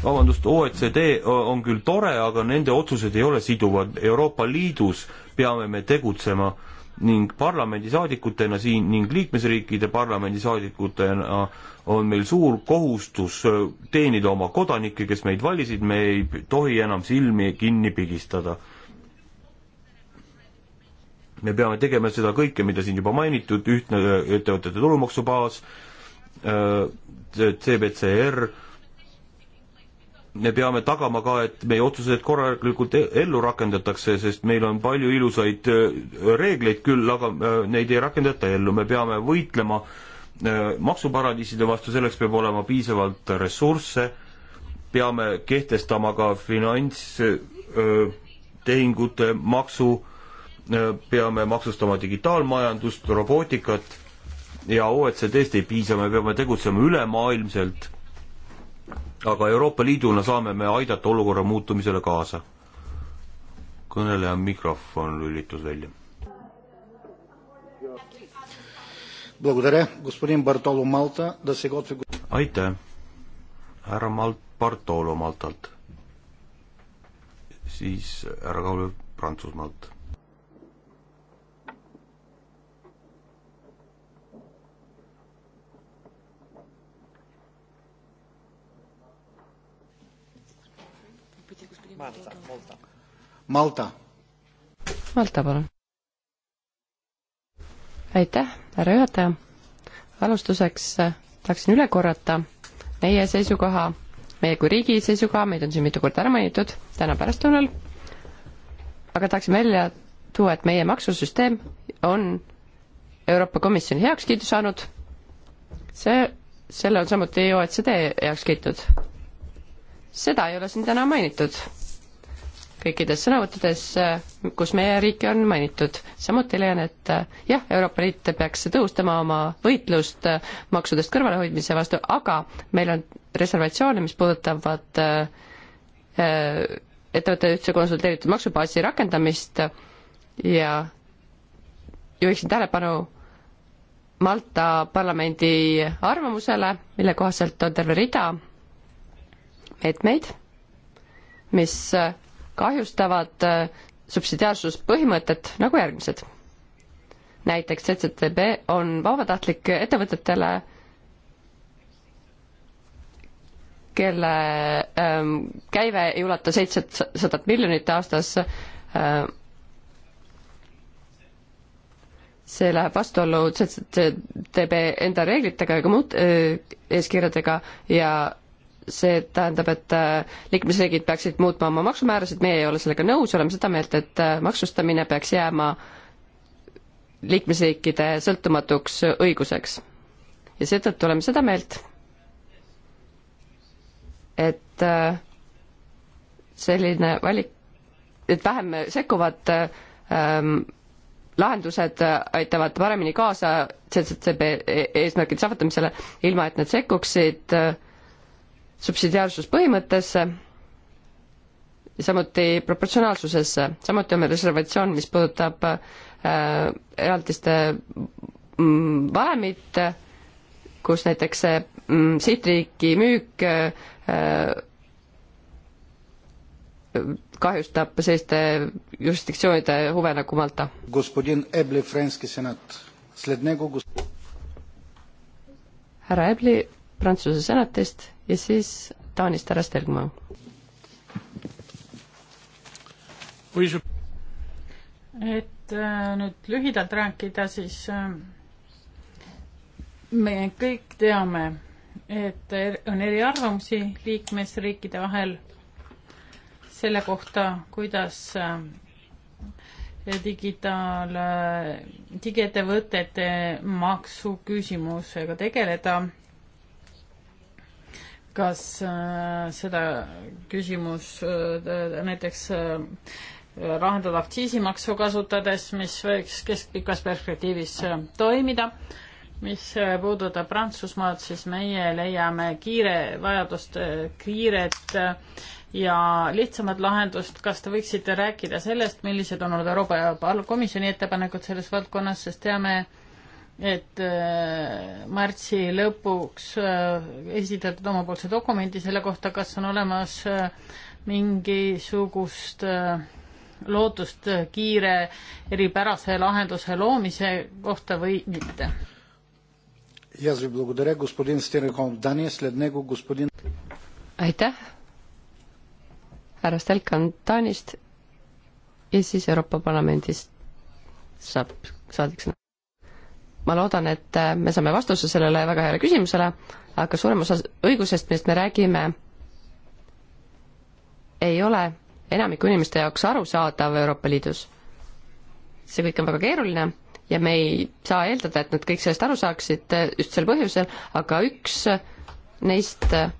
vabandust, OECD on küll tore, aga nende otsused ei ole siduvad, Euroopa Liidus peame me tegutsema ning parlamendisaadikutena siin ning liikmesriikide parlamendisaadikutena on meil suur kohustus äh, teenida oma kodanikke, kes meid valisid, me ei tohi enam silmi kinni pigistada. me peame tegema seda kõike, mida siin juba mainitud, ühtne äh, ettevõtete tulumaksubaas, äh, CBCR, me peame tagama ka, et meie otsused korralikult e-, ellu rakendatakse, sest meil on palju ilusaid äh, reegleid küll, aga äh, neid ei rakendata ellu, me peame võitlema äh, maksuparadiiside vastu, selleks peab olema piisavalt ressursse, peame kehtestama ka finantstehingute maksu, peame maksustama digitaalmajandust, robootikat ja OECD-st ei piisa, me peame tegutsema ülemaailmselt aga Euroopa Liiduna saame me aidata olukorra muutumisele kaasa. kõneleja mikrofon lülitus välja. aitäh, härra Malt-, Bartolo Maltalt, siis härra Kaule Prantsusmaalt Malta, Malta. Malta. Malta, palun. aitäh, härra juhataja. alustuseks äh, tahaksin üle korrata meie seisukoha, meie kui riigi seisukoha, meid on siin mitu korda ära mainitud täna pärastlõunal, aga tahaksin välja tuua, et meie maksusüsteem on Euroopa Komisjoni heakskiidu saanud, see, selle on samuti OECD heaks kiitnud. seda ei ole siin täna mainitud kõikides sõnavõttudes, kus meie riiki on mainitud. samuti leian, et jah, Euroopa Liit peaks tõhustama oma võitlust maksudest kõrvalehoidmise vastu, aga meil on reservatsioone, mis puudutavad äh, ettevõtte ühtse konsulteeritud maksubaasi rakendamist ja juhiksin tähelepanu Malta parlamendi arvamusele, mille kohaselt on terve rida meetmeid, mis kahjustavad äh, subsidiaarsuspõhimõtet nagu järgmised. näiteks CCTB on vabatahtlik ettevõtetele, kelle ähm, käive ei ulata seitsesadat miljonit aastas ähm,, see läheb vastuollu CCTB enda reeglitega ja ka muud äh, eeskirjadega ja see tähendab, et äh, liikmesriigid peaksid muutma oma maksumäärasid, meie ei ole sellega nõus, oleme seda meelt, et äh, maksustamine peaks jääma liikmesriikide sõltumatuks õiguseks. ja seetõttu oleme seda meelt, et äh, selline valik, et vähem sekkuvad ähm, lahendused aitavad paremini kaasa CCCB eesmärkide saavutamisele, ilma et nad sekkuksid äh, subsidiaarsuspõhimõttesse ja samuti proportsionaalsusesse, samuti on meil reservatsioon, mis puudutab äh, elatiste mm, vahemit, kus näiteks see mm, sihtriiki müük äh, kahjustab selliste jurisdiktsioonide huve nagu Malta. härra Ebli Prantsuse senatist ja siis Taanist härra Stelgmann. et äh, nüüd lühidalt rääkida, siis äh, me kõik teame, et er-, on eriarvamusi liikmesriikide vahel selle kohta, kuidas äh, digitaal, digiettevõtete maksuküsimusega tegeleda kas äh, seda küsimus äh, näiteks lahendada äh, aktsiisimaksu kasutades, mis võiks keskpikas perspektiivis toimida. mis puudutab Prantsusmaad, siis meie leiame kiire, vajadust kiiret ja lihtsamat lahendust. kas te võiksite rääkida sellest, millised on olnud Euroopa Komisjoni ettepanekud selles valdkonnas, sest teame, et äh, märtsi lõpuks äh, esitatud omapoolse dokumendi selle kohta, kas on olemas äh, mingisugust lootust kiire eripärase lahenduse loomise kohta või mitte. aitäh, härra Stelkan Taanist ja siis Euroopa Parlamendist saab saadik sõna ma loodan, et äh, me saame vastuse sellele väga heale küsimusele, aga suurem osa õigusest, millest me räägime, ei ole enamiku inimeste jaoks arusaadav Euroopa Liidus. see kõik on väga keeruline ja me ei saa eeldada, et nad kõik sellest aru saaksid äh, just sel põhjusel, aga üks neist äh,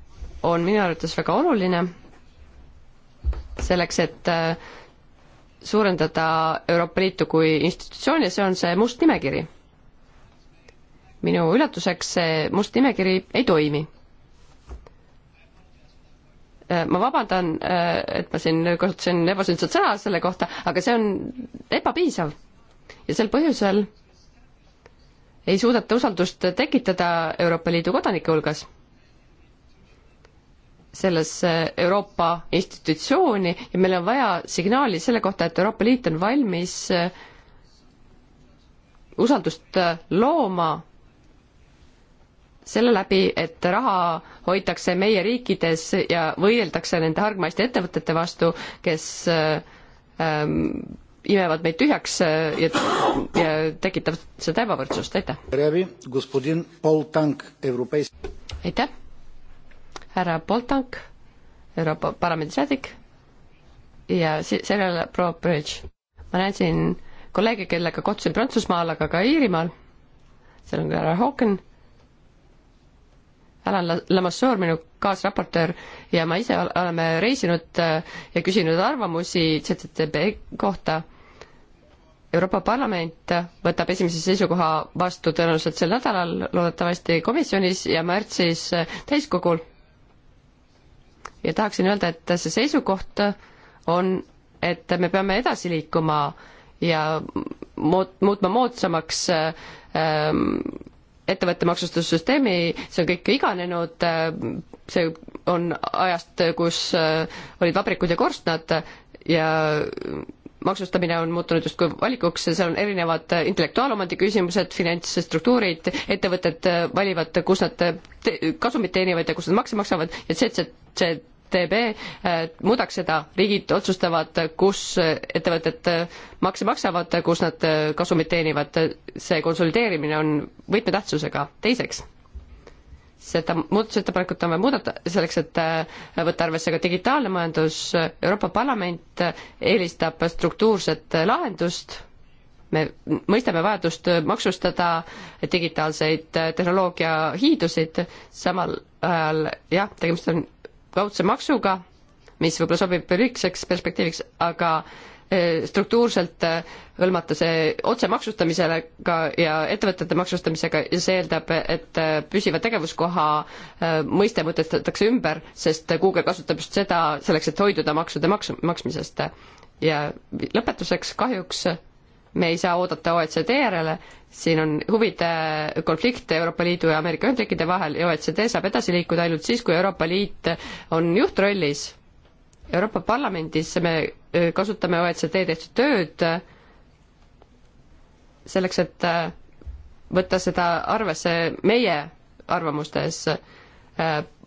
on minu arvates väga oluline selleks, et suurendada Euroopa Liitu kui institutsiooni ja see on see must nimekiri minu üllatuseks see must nimekiri ei toimi. Äh, ma vabandan, äh, et ma siin kasutasin ebasündsat sõna selle kohta, aga see on ebapiisav. ja sel põhjusel ei suudeta usaldust tekitada Euroopa Liidu kodanike hulgas selles äh, Euroopa institutsiooni ja meil on vaja signaali selle kohta, et Euroopa Liit on valmis usaldust looma selle läbi, et raha hoitakse meie riikides ja võideldakse nende hargmaiste ettevõtete vastu, kes äh, ähm, imevad meid tühjaks äh, ja, ja tekitavad seda ebavõrdsust, aitäh. aitäh, härra Poltank, Euroopa Parlamendi saadik ja si-, sellele proua Bridge. ma näen siin kolleege, kellega kohtusin Prantsusmaal, aga ka Iirimaal, seal on härra Hawken Alan Lamassoor, minu kaasraportöör ja ma ise oleme reisinud äh, ja küsinud arvamusi CCTB kohta. Euroopa Parlament võtab esimese seisukoha vastu tõenäoliselt sel nädalal, loodetavasti komisjonis ja märtsis äh, täiskogul. ja tahaksin öelda, et see seisukoht on, et me peame edasi liikuma ja muutma moodsamaks äh, ähm, ettevõtte maksustussüsteemi, see on kõik iganenud, see on ajast, kus äh, olid vabrikud ja korstnad ja maksustamine on muutunud justkui valikuks, seal on erinevad äh, intellektuaalomandi küsimused, finantsstruktuurid, ettevõtted äh, valivad, kus nad te, kasumit teenivad ja kus nad makse maksavad ja tšetšet-, TB äh, muudaks seda, riigid otsustavad, kus ettevõtted äh, makse maksavad, kus nad äh, kasumit teenivad, see konsolideerimine on võtmetähtsusega. teiseks, seda muudatusettepanekut on vaja muudata selleks, et võtta arvesse ka digitaalne majandus, Euroopa Parlament eelistab struktuurset lahendust, me mõistame vajadust maksustada digitaalseid tehnoloogia hiidusid, samal ajal jah, tegemist on kaudse maksuga, mis võib-olla sobib lühikeseks perspektiiviks, aga eh, struktuurselt eh, hõlmata see otse maksustamisele ka ja ettevõtete maksustamisega ja see eeldab, et eh, püsiva tegevuskoha mõiste mõtestatakse ümber, sest Google kasutab just seda selleks, et hoiduda maksude maks-, maksmisest. ja lõpetuseks kahjuks me ei saa oodata OECD järele, siin on huvide konflikt Euroopa Liidu ja Ameerika Ühendriikide vahel ja OECD saab edasi liikuda ainult siis, kui Euroopa Liit on juhtrollis. Euroopa Parlamendis me kasutame OECD tehtud tööd selleks, et võtta seda arvesse meie arvamustes,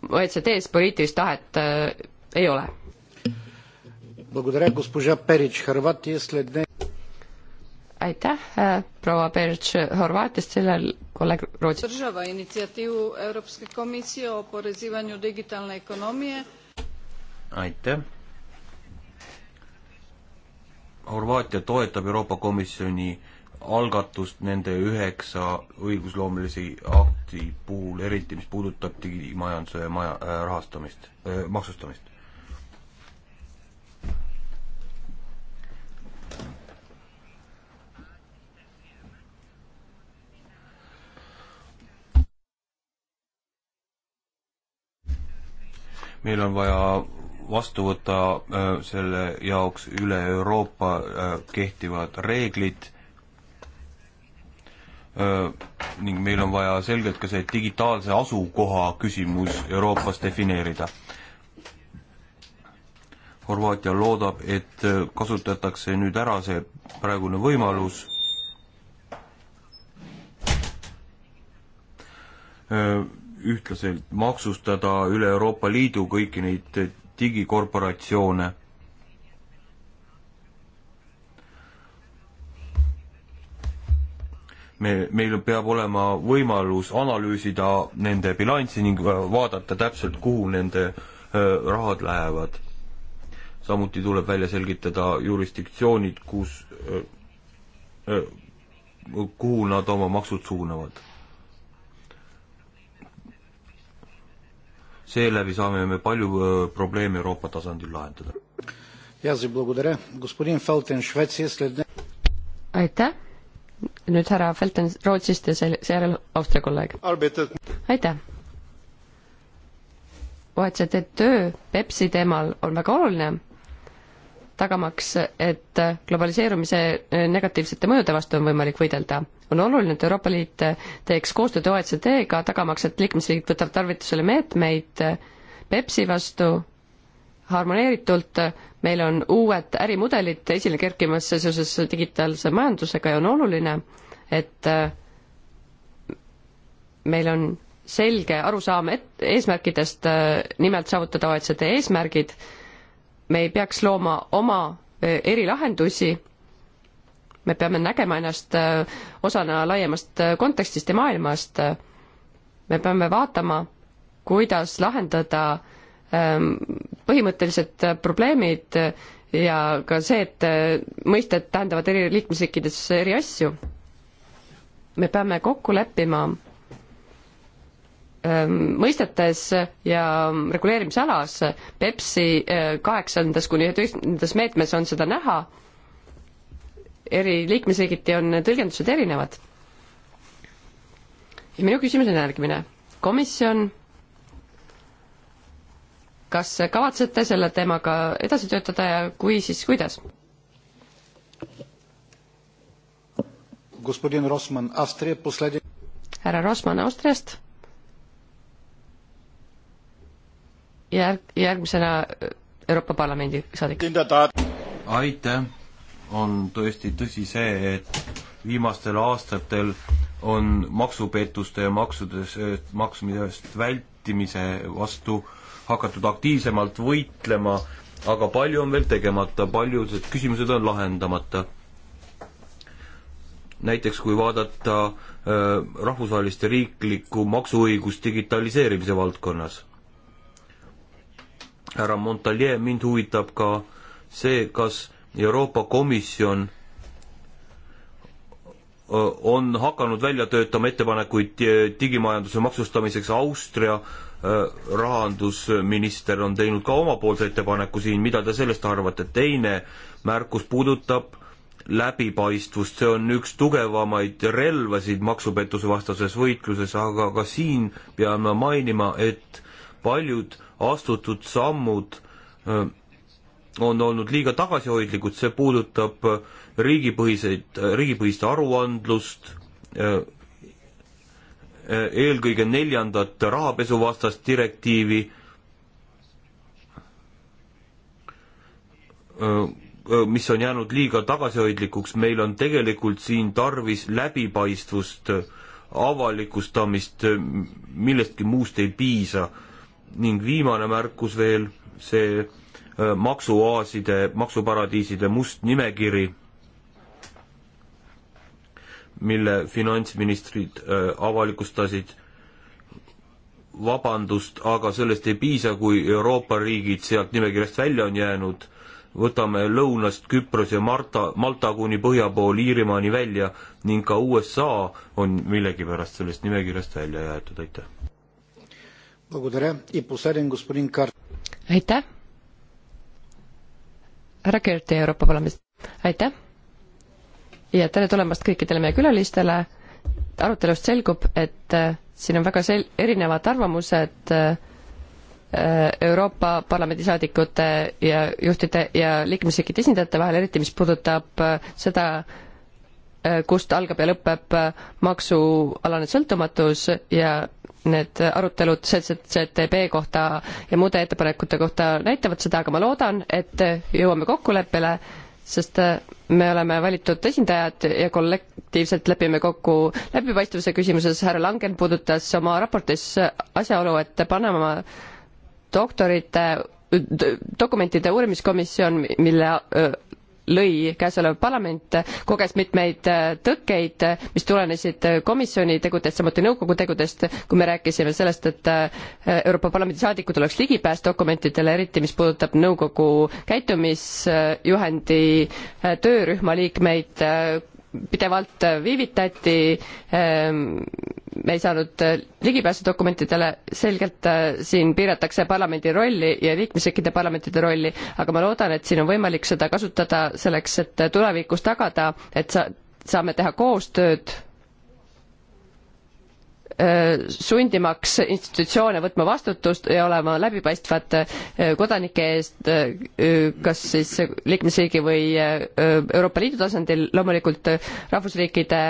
OECD-s poliitilist tahet ei ole. Благодаря, госпожа Перич. Хърватия след днес aitäh, äh, proua Berž äh, Horvaatiast, sellel kolleeg Rootsi. država initsiatiivu Europske komisije o porezivanju digitaalne ekonomije. aitäh. Horvaatia toetab Euroopa Komisjoni algatust nende üheksa õigusloomelisi akti puhul, eriti mis puudutab digimajanduse maja äh,, rahastamist äh,, maksustamist meil on vaja vastu võtta äh, selle jaoks üle Euroopa äh, kehtivad reeglid äh, ning meil on vaja selgelt ka see digitaalse asukoha küsimus Euroopas defineerida. Horvaatia loodab, et äh, kasutatakse nüüd ära see praegune võimalus öö, äh, ühtlaselt maksustada üle Euroopa Liidu kõiki neid digikorporatsioone. me, meil peab olema võimalus analüüsida nende bilanssi ning äh, vaadata täpselt, kuhu nende äh, rahad lähevad. samuti tuleb välja selgitada jurisdiktsioonid, kus, äh, kuhu nad oma maksud suunavad seeläbi saame me palju probleeme Euroopa tasandil lahendada. aitäh, nüüd härra Felten Rootsist ja seejärel Austria kolleeg. aitäh. OECD töö Pepsi teemal on väga oluline tagamaks, et globaliseerumise negatiivsete mõjude vastu on võimalik võidelda. on oluline, et Euroopa Liit teeks koostööd OECD-ga, tagamaks, et liikmesriigid võtavad tarvitusele meetmeid Pepsi vastu harmoneeritult, meil on uued ärimudelid esile kerkimas seoses digitaalse majandusega ja on oluline, et meil on selge arusaam et-, eesmärkidest, nimelt saavutada OECD eesmärgid, me ei peaks looma oma eh, erilahendusi, me peame nägema ennast eh, osana laiemast eh, kontekstist ja maailmast, me peame vaatama, kuidas lahendada ehm, põhimõttelised probleemid ja ka see, et mõisted tähendavad eri liikmesriikides eri asju. me peame kokku leppima mõistetes ja reguleerimisalas, Pepsi äh, kaheksandas kuni üheteistkümnendas meetmes on seda näha, eri liikmesriigiti on tõlgendused erinevad. ja minu küsimus on järgmine, komisjon kas kavatsete selle teemaga edasi töötada ja kui, siis kuidas? härra Rosman Austriast järg, järgmisena äh, Euroopa Parlamendi saadik. aitäh, on tõesti tõsi see, et viimastel aastatel on maksupettuste ja maksudes, maksmisest vältimise vastu hakatud aktiivsemalt võitlema, aga palju on veel tegemata, paljud küsimused on lahendamata. näiteks kui vaadata äh, rahvusvahelist ja riiklikku maksuõigust digitaliseerimise valdkonnas härra Montalier, mind huvitab ka see, kas Euroopa Komisjon on hakanud välja töötama ettepanekuid digimajanduse maksustamiseks, Austria rahandusminister on teinud ka omapoolse ettepaneku siin, mida te sellest arvate, teine märkus puudutab läbipaistvust, see on üks tugevamaid relvasid maksupettuse vastases võitluses, aga ka siin peame mainima, et paljud astutud sammud äh, on olnud liiga tagasihoidlikud, see puudutab äh, riigipõhiseid, äh, riigipõhist aruandlust, eelkõige neljandat rahapesuvastast direktiivi, mis on jäänud liiga tagasihoidlikuks, meil on tegelikult siin tarvis läbipaistvust, avalikustamist, millestki muust ei piisa ning viimane märkus veel, see äh, maksuoaaside, maksuparadiiside must nimekiri, mille finantsministrid äh, avalikustasid, vabandust, aga sellest ei piisa, kui Euroopa riigid sealt nimekirjast välja on jäänud, võtame lõunast Küpros ja Marta, Malta kuni põhja pool Iirimaani välja ning ka USA on millegipärast sellest nimekirjast välja jäetud, aitäh aitäh. härra Kerti Euroopa Parlamendist, aitäh. ja tere tulemast kõikidele meie külalistele. arutelust selgub, et äh, siin on väga sel-, erinevad arvamused äh, äh, Euroopa Parlamendi saadikute ja juhtide ja liikmesriikide esindajate vahel, eriti mis puudutab seda, kust algab ja lõpeb maksualane sõltumatus ja need arutelud CCTB kohta ja muude ettepanekute kohta näitavad seda, aga ma loodan, et jõuame kokkuleppele, sest äh, me oleme valitud esindajad ja kollektiivselt lepime kokku läbipaistvuse küsimuses, härra Langen puudutas oma raportis asjaolu, et Panama doktorite dokumentide uurimiskomisjon, mille äh, lõi käesolev parlament, koges mitmeid äh, tõkkeid, mis tulenesid äh, komisjoni tegudest, samuti nõukogu tegudest, kui me rääkisime sellest, et äh, Euroopa Parlamendi saadikud oleks ligipääs dokumentidele, eriti mis puudutab nõukogu käitumisjuhendi töörühma liikmeid, pidevalt äh, viivitati, ähm, me ei saanud äh, ligipääsu dokumentidele, selgelt äh, siin piiratakse parlamendi rolli ja liikmesriikide parlamentide rolli, aga ma loodan, et siin on võimalik seda kasutada selleks, et tulevikus tagada, et sa, saame teha koostööd Äh, sundimaks institutsioone võtma vastutust ja olema läbipaistvad äh, kodanike eest, äh, kas siis liikmesriigi või Euroopa Liidu tasandil, loomulikult rahvusriikide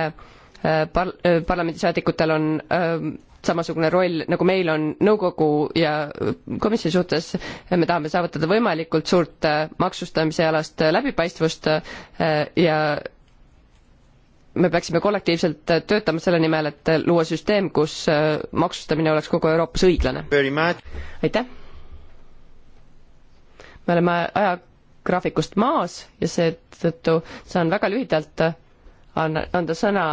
par-, parlamendisaadikutel on samasugune roll, nagu meil on nõukogu ja komisjoni suhtes, me tahame saavutada võimalikult suurt maksustamise alast läbipaistvust ja me peaksime kollektiivselt töötama selle nimel, et luua süsteem, kus äh, maksustamine oleks kogu Euroopas õiglane. aitäh! me oleme ajagraafikust maas ja seetõttu saan väga lühidalt anna, anda sõna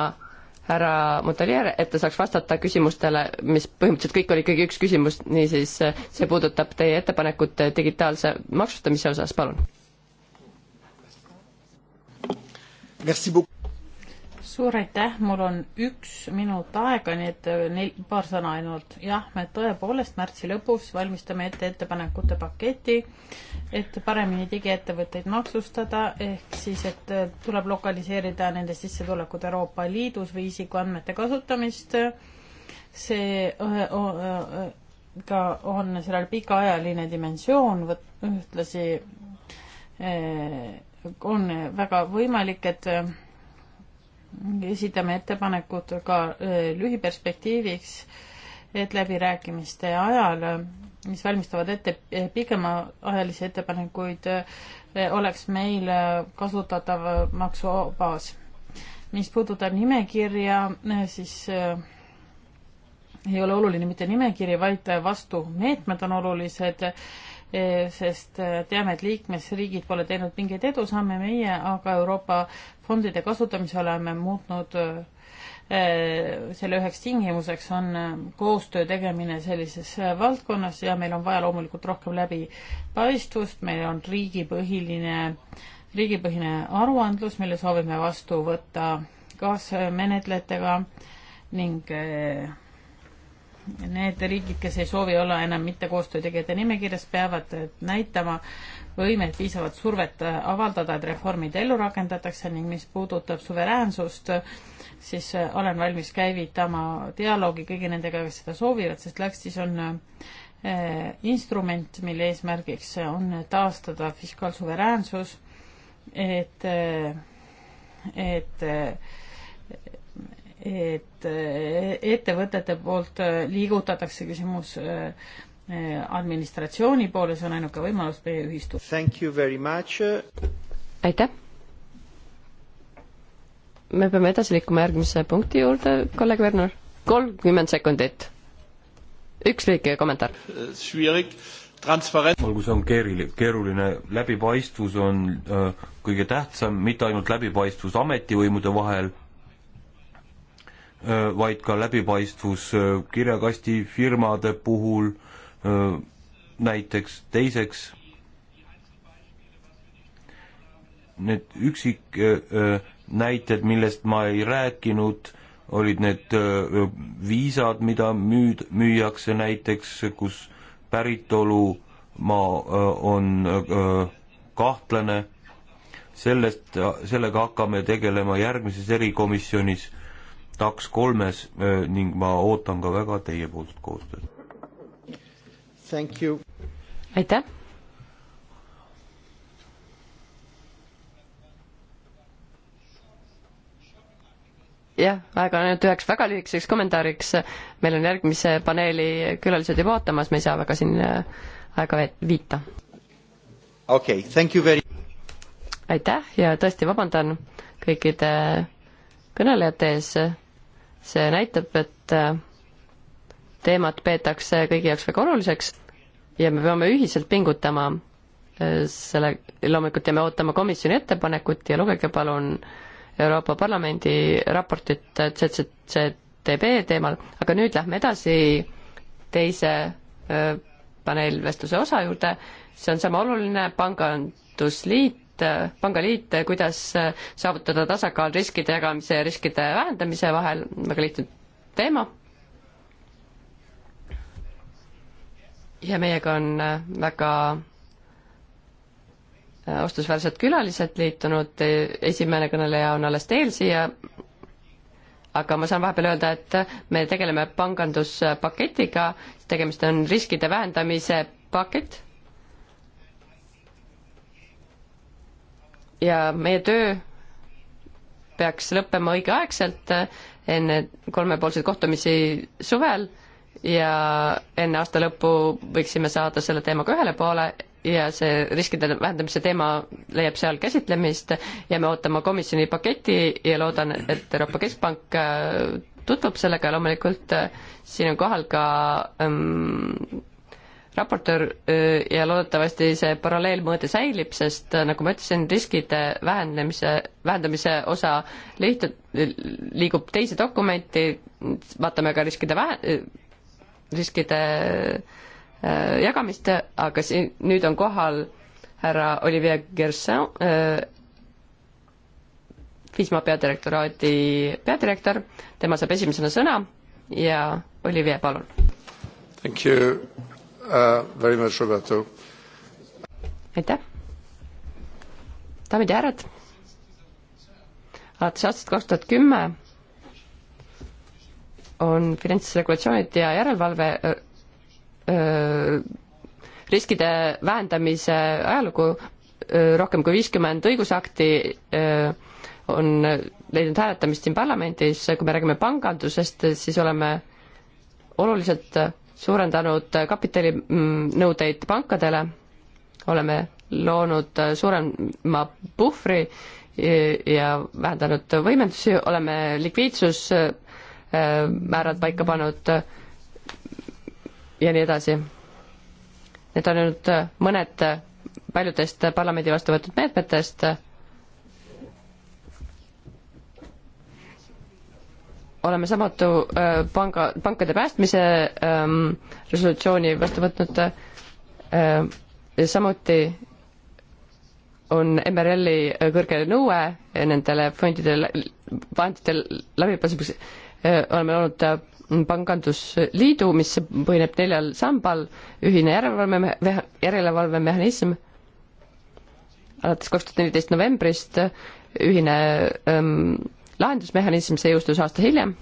härra Montalier, et ta saaks vastata küsimustele, mis põhimõtteliselt kõik oli ikkagi üks küsimus, niisiis äh, see puudutab teie ettepanekut digitaalse maksustamise osas, palun suur aitäh, mul on üks minut aega, nii et äh, neil paar sõna ainult. jah, me tõepoolest märtsi lõpus valmistame ette ettepanekute paketi, et paremini digiettevõtteid maksustada, ehk siis, et äh, tuleb lokaliseerida nende sissetulekud Euroopa Liidus või isikuandmete kasutamist. see äh, ka on sellel pikaajaline dimensioon, ühtlasi on väga võimalik, et esitame ettepanekud ka lühiperspektiiviks, et läbirääkimiste ajal, mis valmistavad ette eh, pikemaajalisi ettepanekuid, oleks meil kasutatav maksubaas. mis puudutab nimekirja, siis ei ole oluline mitte nimekiri, vaid vastumeetmed on olulised Eh, sest eh, teame, et liikmesriigid pole teinud mingeid edusamme, meie aga Euroopa fondide kasutamise oleme muutnud eh, selle üheks tingimuseks on koostöö tegemine sellises valdkonnas ja meil on vaja loomulikult rohkem läbipaistvust, meil on riigipõhiline, riigipõhine aruandlus, mille soovime vastu võtta kaasmenetlejatega ning need riigid, kes ei soovi olla enam mitte koostöötegijate nimekirjas, peavad eh, näitama võimet piisavat survet eh, avaldada, et reformid ellu rakendatakse ning mis puudutab suveräänsust, siis eh, olen valmis käivitama dialoogi kõigi nendega, kes seda soovivad, sest Läkstis on instrument, mille eesmärgiks on taastada fiskaalsuveräänsus, et, et et eh, ettevõtete poolt eh, liigutatakse küsimus eh, administratsiooni poole, see on ainuke võimalus meie ühistul. aitäh! me peame edasi liikuma järgmise punkti juurde, kolleeg Werner. kolmkümmend sekundit. üks lühike kommentaar. olgu, see on keeril-, keeruline, läbipaistvus on öö, äh, kõige tähtsam, mitte ainult läbipaistvus ametivõimude vahel Äh, vaid ka läbipaistvus äh, kirjakastifirmade puhul äh, näiteks, teiseks need üksik näited, millest ma ei rääkinud, olid need viisad, mida müüd-, müüakse näiteks, kus päritolumaa on kahtlane, sellest, sellega hakkame tegelema järgmises erikomisjonis TAKS kolmes äh, ning ma ootan ka väga teie poolt koostööd. aitäh! jah, aega on ainult üheks väga lühikeseks kommentaariks, meil on järgmise paneeli külalised juba ootamas, me ei saa väga siin äh, aega viita. okei okay,, thank you very aitäh ja tõesti vabandan kõikide kõnelejate ees see näitab, et äh, teemat peetakse kõigi jaoks väga oluliseks ja me peame ühiselt pingutama äh, selle, loomulikult jääme ootama komisjoni ettepanekut ja lugege palun Euroopa Parlamendi raportit CCCTB teemal, aga nüüd lähme edasi teise äh, paneelvestluse osa juurde, see on sama oluline, pangandusliit, Äh, pangaliit, pangaliit, äh, kuidas äh, saavutada tasakaal riskide jagamise ja riskide vähendamise vahel, väga lihtne teema. ja meiega on väga austusväärsed külalised liitunud, e, esimene kõneleja on alles teil siia, aga ma saan vahepeal öelda, et me tegeleme panganduspaketiga, tegemist on riskide vähendamise pakett ja meie töö peaks lõppema õigeaegselt äh, enne kolmepoolseid kohtumisi suvel ja enne aasta lõppu võiksime saada selle teemaga ühele poole ja see riskide vähendamise teema leiab seal käsitlemist, jääme ootama komisjoni paketi ja loodan, et Euroopa Keskpank äh, tutvub sellega ja loomulikult äh, siin on kohal ka ähm, raportöör äh, ja loodetavasti see paralleelmõõde säilib, sest äh, nagu ma ütlesin, riskide vähendamise, vähendamise osa liht-, liigub teise dokumenti, vaatame ka riskide vähe-, äh, riskide jagamist, aga siin nüüd on kohal härra Olivier Gerson, FISMA peadirektoraadi peadirektor, tema saab esimesena sõna ja Olivier, palun. Thank you Uh, very much, Roberto. aitäh. daamid ja härrad, alates aastast kaks tuhat kümme on finantsregulatsioonid ja järelevalve öö, öö, riskide vähendamise ajalugu rohkem kui viiskümmend õigusakti on leidnud hääletamist siin parlamendis, kui me räägime pangandusest, siis oleme oluliselt suurendanud kapitalinõudeid mm, pankadele, oleme loonud suurema puhvri ja vähendanud võimendusi, oleme likviidsusmäärad paika pannud ja nii edasi. Need on nüüd mõned paljudest parlamendi vastu võetud meetmetest oleme samatu äh, panga, pankade päästmise ähm, resolutsiooni vastu võtnud äh,, samuti on MRL-i kõrge nõue nendele fondide vahendite läbipaistvuseks äh,, oleme olnud äh, pangandusliidu, mis põhineb neljal sambal, ühine järelevalve, järelevalvemehhanism alates kaks tuhat neliteist novembrist, äh, ühine ähm, lahendusmehhanism, see jõustus aasta hiljem.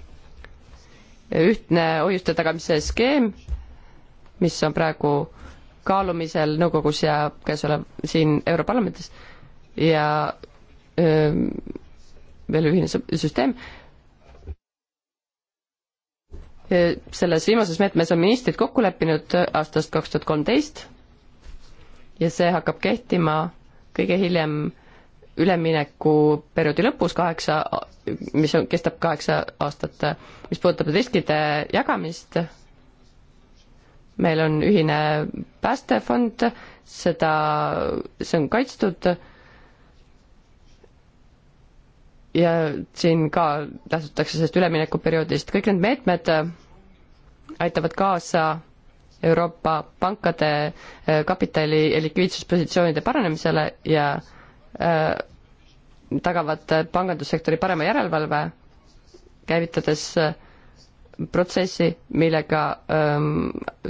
ühtne hoiuste tagamise skeem, mis on praegu kaalumisel nõukogus ja käesolev siin Europarlamendis ja öö, veel ühine süsteem. selles viimases meetmes on ministrid kokku leppinud aastast kaks tuhat kolmteist ja see hakkab kehtima kõige hiljem üleminekuperioodi lõpus kaheksa, mis on, kestab kaheksa aastat, mis puudutab riskide jagamist, meil on ühine päästefond, seda, see on kaitstud ja siin ka lähtutakse sellest üleminekuperioodist, kõik need meetmed aitavad kaasa Euroopa pankade eh, kapitali ja likviidsuspositsioonide paranemisele ja Äh, tagavad äh, pangandussektori parema järelevalve, käivitades äh, protsessi, millega ähm,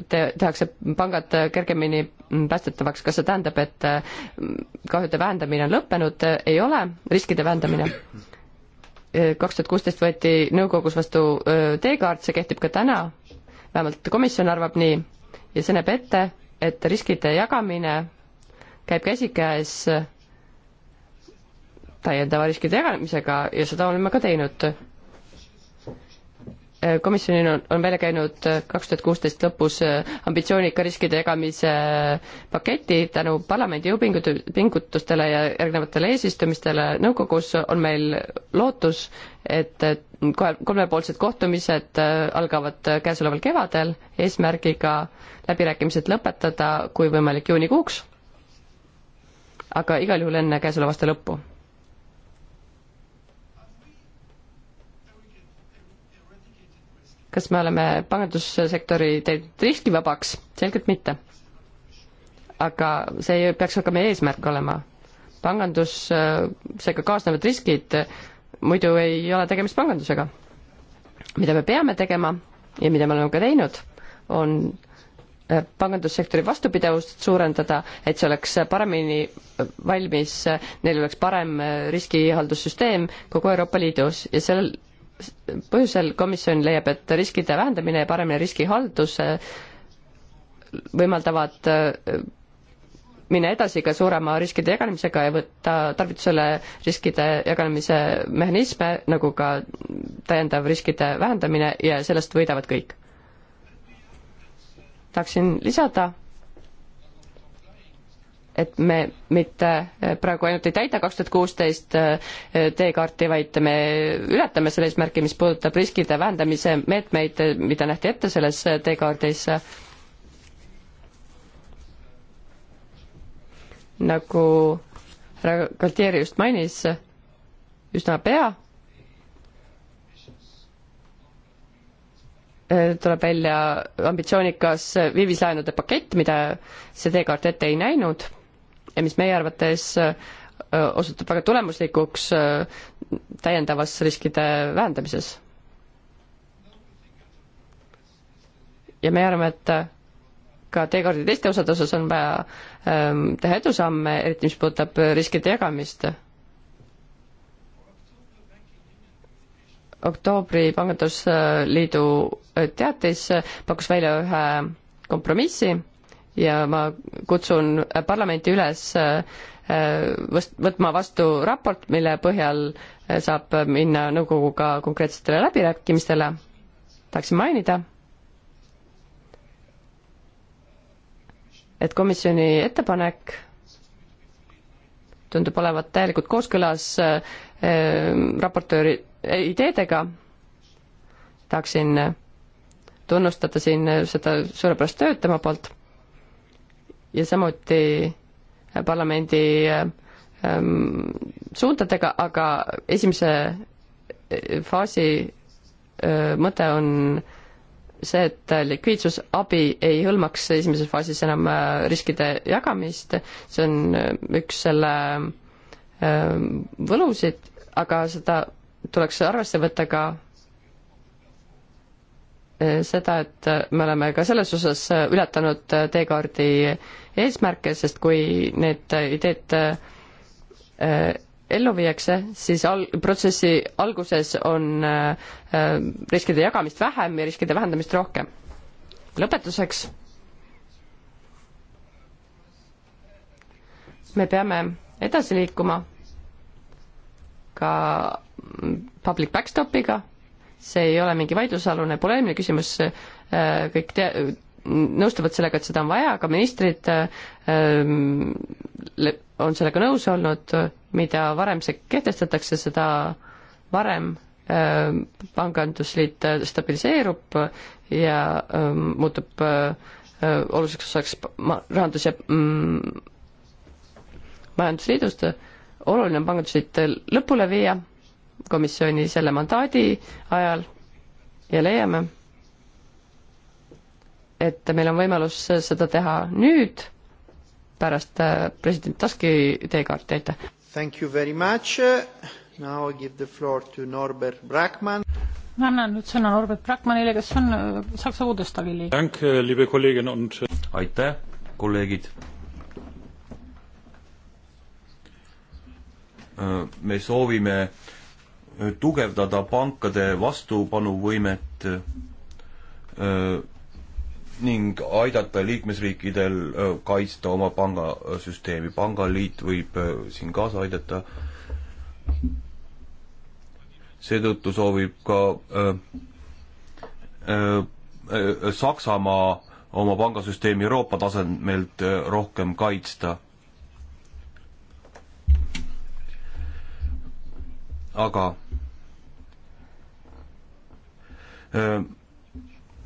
te-, tehakse pangad kergemini mm, päästetavaks, kas see tähendab, et kahjude vähendamine on lõppenud, ei ole, riskide vähendamine? kaks tuhat kuusteist võeti nõukogus vastu teekaart, see kehtib ka täna, vähemalt komisjon arvab nii, ja see näeb ette, et riskide jagamine käib käsikäes täiendava riskide jagamisega ja seda oleme ka teinud. komisjonil on, on välja käinud kaks tuhat kuusteist lõpus ambitsioonika riskide jagamise paketi tänu parlamendi jõupingutustele ja järgnevatele eesistumistele nõukogus on meil lootus, et kohe kolmepoolsed kohtumised algavad käesoleval kevadel eesmärgiga läbirääkimised lõpetada, kui võimalik, juunikuuks aga igal juhul enne käesoleva aasta lõppu kas me oleme pangandussektori teinud riskivabaks, selgelt mitte. aga see peaks ka meie eesmärk olema. pangandusega äh, kaasnevad riskid, äh, muidu ei ole tegemist pangandusega. mida me peame tegema ja mida me oleme ka teinud, on äh, pangandussektori vastupidavust suurendada, et see oleks paremini valmis, neil oleks parem riskihaldussüsteem kogu Euroopa Liidus ja sellel põhjusel komisjon leiab, et riskide vähendamine ja paremini riskihaldus äh, võimaldavad äh, minna edasi ka suurema riskide jaganemisega ja võtta tarvitusele riskide jaganemise mehhanisme, nagu ka täiendav riskide vähendamine ja sellest võidavad kõik. tahaksin lisada, et me mitte äh, praegu ainult ei täida kaks tuhat kuusteist äh, teekaarti, vaid me ületame selle eesmärki, mis puudutab riskide vähendamise meetmeid, mida nähti ette selles äh, teekaardis. nagu härra Galtieri just mainis, üsna pea tuleb välja ambitsioonikas viivislaenude pakett, mida see teekaart ette ei näinud ja mis meie arvates osutub väga tulemuslikuks täiendavas riskide vähendamises. ja me arvame, et ka teekaardi teiste osade osas on vaja ähm, teha edusamme, eriti mis puudutab riskide jagamist. oktoobri Pangandusliidu teatis pakkus välja ühe kompromissi ja ma kutsun parlamenti üles äh, võtma vastu raport, mille põhjal äh, saab minna nõukoguga konkreetsetele läbirääkimistele, tahaksin mainida, et komisjoni ettepanek tundub olevat täielikult kooskõlas äh, raportööri ideedega, tahaksin tunnustada siin seda suurepärast tööd tema poolt ja samuti äh, parlamendi ähm, suundadega, aga esimese äh, faasi äh, mõte on see, et likviidsusabi ei hõlmaks esimeses faasis enam äh, riskide jagamist, see on äh, üks selle äh, võlusid, aga seda tuleks arvesse võtta ka Eh, seda, et eh, me oleme ka selles osas eh, ületanud teekaardi eesmärke, sest kui need ideed ellu viiakse, siis al-, protsessi alguses on riskide jagamist vähem ja riskide vähendamist rohkem. lõpetuseks me peame edasi liikuma ka public backstopiga see ei ole mingi vaidlusalune poleemiline küsimus, äh, kõik tea-, nõustuvad sellega, et seda on vaja, ka ministrid ähm, on sellega nõus olnud, mida varem see kehtestatakse, seda varem ähm, pangandusliit äh, stabiliseerub ja ähm, muutub äh, oluliseks osaks ma-, rahandus- ja mm, majandusliidust, oluline on pangandusliit lõpule viia komisjoni selle mandaadi ajal ja leiame, et meil on võimalus seda teha nüüd, pärast äh, president Tuski teekaarti, aitäh! Thank you very much, now I give the floor to Norbert Brackmann. ma annan nüüd sõna Norbert Brackmannile, kes on äh, Saksa Bundestagi äh, liige. aitäh, kolleegid! me soovime äh, tugevdada pankade vastupanuvõimet ning aidata liikmesriikidel kaitsta oma pangasüsteemi. pangaliit võib siin kaasa aidata. seetõttu soovib ka äh, äh, Saksamaa oma pangasüsteemi Euroopa tasemelt rohkem kaitsta. aga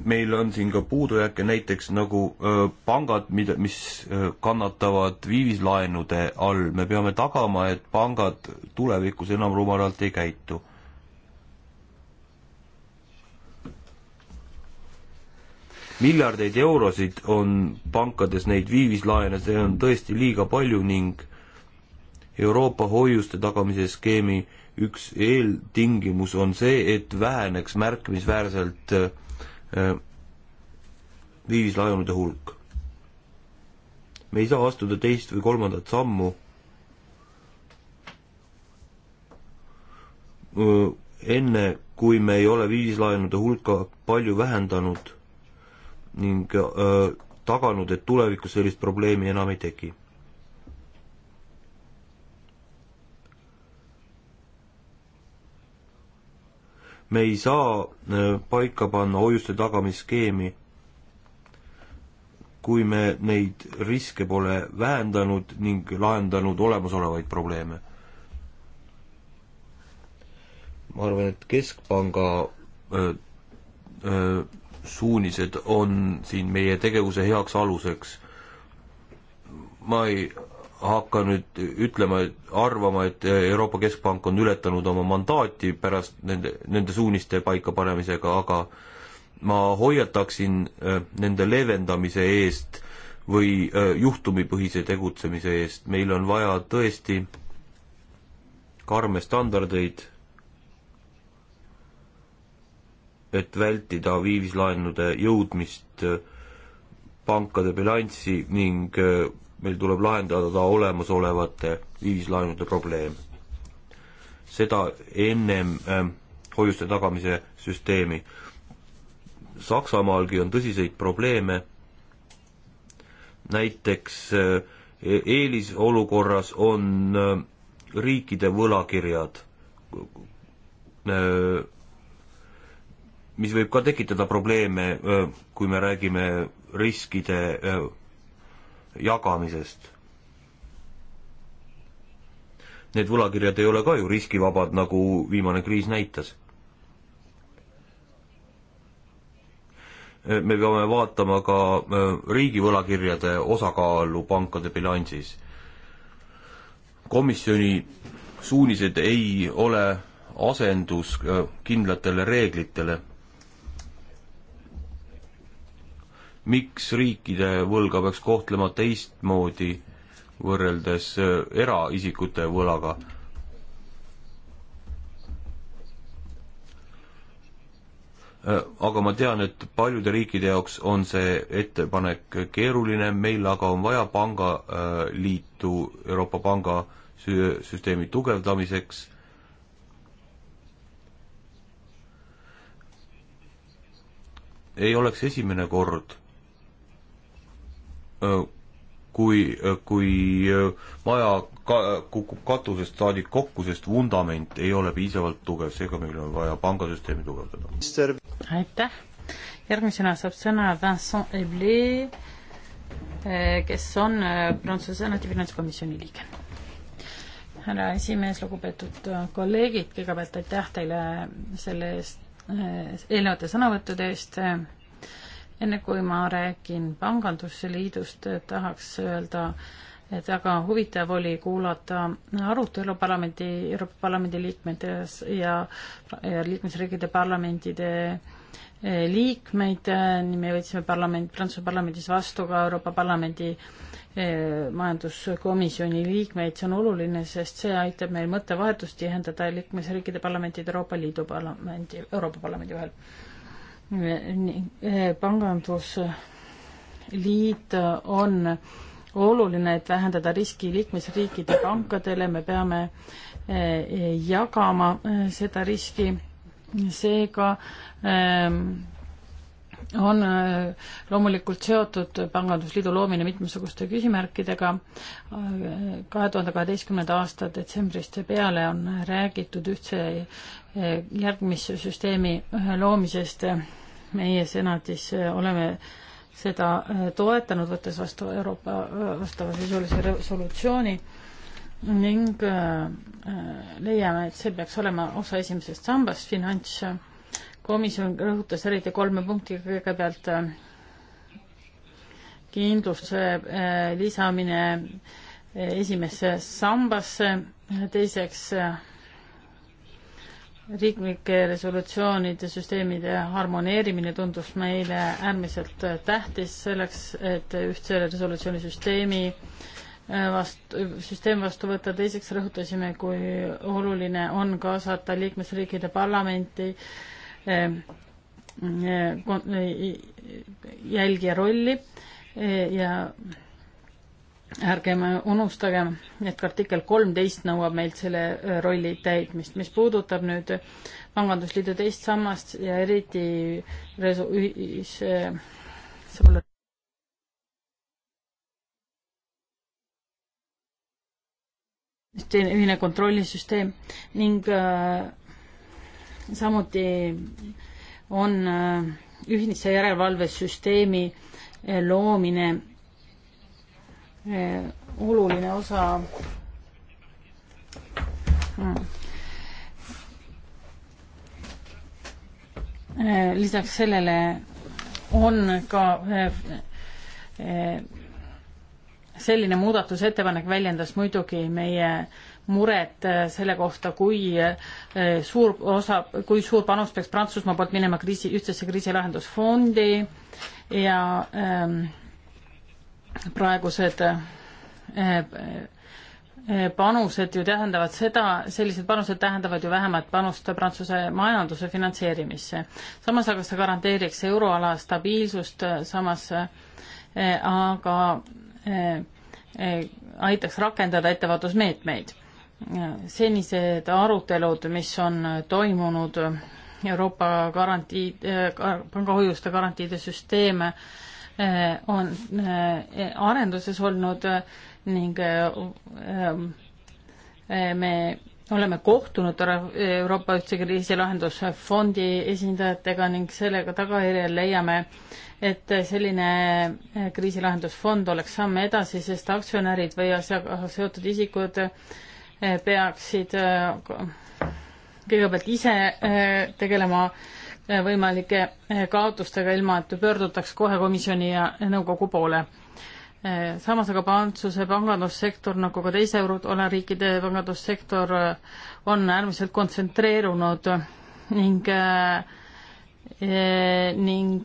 meil on siin ka puudujääke, näiteks nagu öö, pangad, mida, mis öö, kannatavad viivislaenude all, me peame tagama, et pangad tulevikus enam rumalalt ei käitu. miljardeid eurosid on pankades neid viivislaene, see on tõesti liiga palju ning Euroopa hoiuste tagamise skeemi öö, üks eeltingimus on see, et väheneks märkimisväärselt äh, viivislaenude hulk. me ei saa astuda teist või kolmandat sammu äh, enne, kui me ei ole viivislaenude hulka palju vähendanud ning äh, taganud, et tulevikus sellist probleemi enam ei teki me ei saa äh, paika panna hoiuste tagamisskeemi, kui me neid riske pole vähendanud ning lahendanud olemasolevaid probleeme. ma arvan, et Keskpanga öö, äh, öö, äh, suunised on siin meie tegevuse heaks aluseks. ma ei hakka nüüd ütlema, et arvama, et äh, Euroopa Keskpank on ületanud oma mandaati pärast nende, nende suuniste paikapanemisega, aga ma hoiataksin äh, nende leevendamise eest või äh, juhtumipõhise tegutsemise eest, meil on vaja tõesti karme standardeid, et vältida viivislaenude jõudmist pankade bilanssi ning meil tuleb lahendada olemasolevate ühislaenude probleem. seda ennem äh, hoiuste tagamise süsteemi. Saksamaalgi on tõsiseid probleeme, näiteks äh, e-, eelisolukorras on äh, riikide võlakirjad äh, mis võib ka tekitada probleeme, äh, kui me räägime riskide äh, jagamisest. Need võlakirjad ei ole ka ju riskivabad, nagu viimane kriis näitas. me peame vaatama ka äh, riigi võlakirjade osakaalu pankade bilansis. komisjoni suunised ei ole asendus äh, kindlatele reeglitele miks riikide võlga peaks kohtlema teistmoodi võrreldes äh, eraisikute võlaga? Äh, aga ma tean, et paljude riikide jaoks on see ettepanek keeruline, meil aga on vaja pangaliitu äh, Euroopa pangasüsteemi tugevdamiseks. ei oleks esimene kord Äh, kui, äh, kui äh, maja ka-, kukub katusest saadik kokku, sest vundament ei ole piisavalt tugev, seega meil on vaja pangasüsteemi tugevdada. aitäh! järgmisena saab sõna Vincent Eble, kes on Prantsuse Senati finantskomisjoni liige. härra esimees, lugupeetud kolleegid, kõigepealt aitäh teile selle eest, eelnevate sõnavõttude eest, enne kui ma räägin Pangandusliidust, tahaks öelda, et väga huvitav oli kuulata arutelu parlamendi, Euroopa Parlamendi liikmete ja, ja liikmesriikide parlamentide eh, liikmeid, nii me võtsime parlament, Prantsuse parlamendis vastu ka Euroopa Parlamendi eh, majanduskomisjoni liikmeid, see on oluline, sest see aitab meil mõttevahetust tihendada liikmesriikide parlamentide Euroopa Liidu parlamendi, Euroopa Parlamendi vahel Eh, pangandusliit eh, on oluline, et vähendada riski liikmesriikide pankadele, me peame eh, jagama seda riski, seega ehm, on loomulikult seotud pangandusliidu loomine mitmesuguste küsimärkidega. kahe tuhande kaheteistkümnenda aasta detsembrist peale on räägitud ühtse järgmissüsteemi loomisest meie senatis äh, oleme seda äh, toetanud, võttes vastu Euroopa äh, vastavasisulise resolutsiooni ning leiame, et see peaks olema osa esimesest sambast, finantskomisjon rõhutas eriti kolme punkti, kõigepealt kindlustuse lisamine esimesse sambasse, teiseks riiklike resolutsioonide süsteemide harmoneerimine tundus meile äärmiselt tähtis selleks, et ühtse resolutsiooni süsteemi äh, vastu, süsteem vastu võtta. teiseks rõhutasime, kui oluline on kaasata liikmesriikide parlamenti äh, äh, jälgija rolli ja ärgem unustagem, et artikkel kolmteist nõuab meilt selle äh, rolli täitmist. mis puudutab nüüd Pangandusliidu teist sammast ja eriti resu-, ühise äh, ühine kontrollisüsteem ning äh, samuti on äh, ühise järelevalvesüsteemi äh, loomine Eh, oluline osa hmm. eh, lisaks sellele on ka eh, selline muudatusettepanek väljendas muidugi meie muret selle kohta, kui suur osa, kui suur panus peaks Prantsusmaa poolt minema kriisi, ühtsesse kriisilahendusfondi ja ähm, praegused äh, äh, äh, panused ju tähendavad seda, sellised panused tähendavad ju vähemat panust Prantsuse majanduse finantseerimisse. samas aga see garanteeriks euroala stabiilsust, samas aga aitaks rakendada ettevaatusmeetmeid. senised arutelud, mis on toimunud Euroopa garantii, pangahoiuste garantiide süsteem, Äh, on äh, arenduses olnud äh, ning ähm, me oleme kohtunud Euroopa Ühtse Kriisilahendusfondi esindajatega ning sellega tagajärjel leiame, et selline kriisilahendusfond oleks samm edasi, sest aktsionärid või asjaga seotud isikud peaksid kõigepealt ise tegelema võimalike eh, kaotustega, ilma et pöördutaks kohe komisjoni ja nõukogu poole. Eh, samas aga Prantsuse pangandussektor nagu ka teise euroala riikide pangandussektor eh, on äärmiselt kontsentreerunud ning ning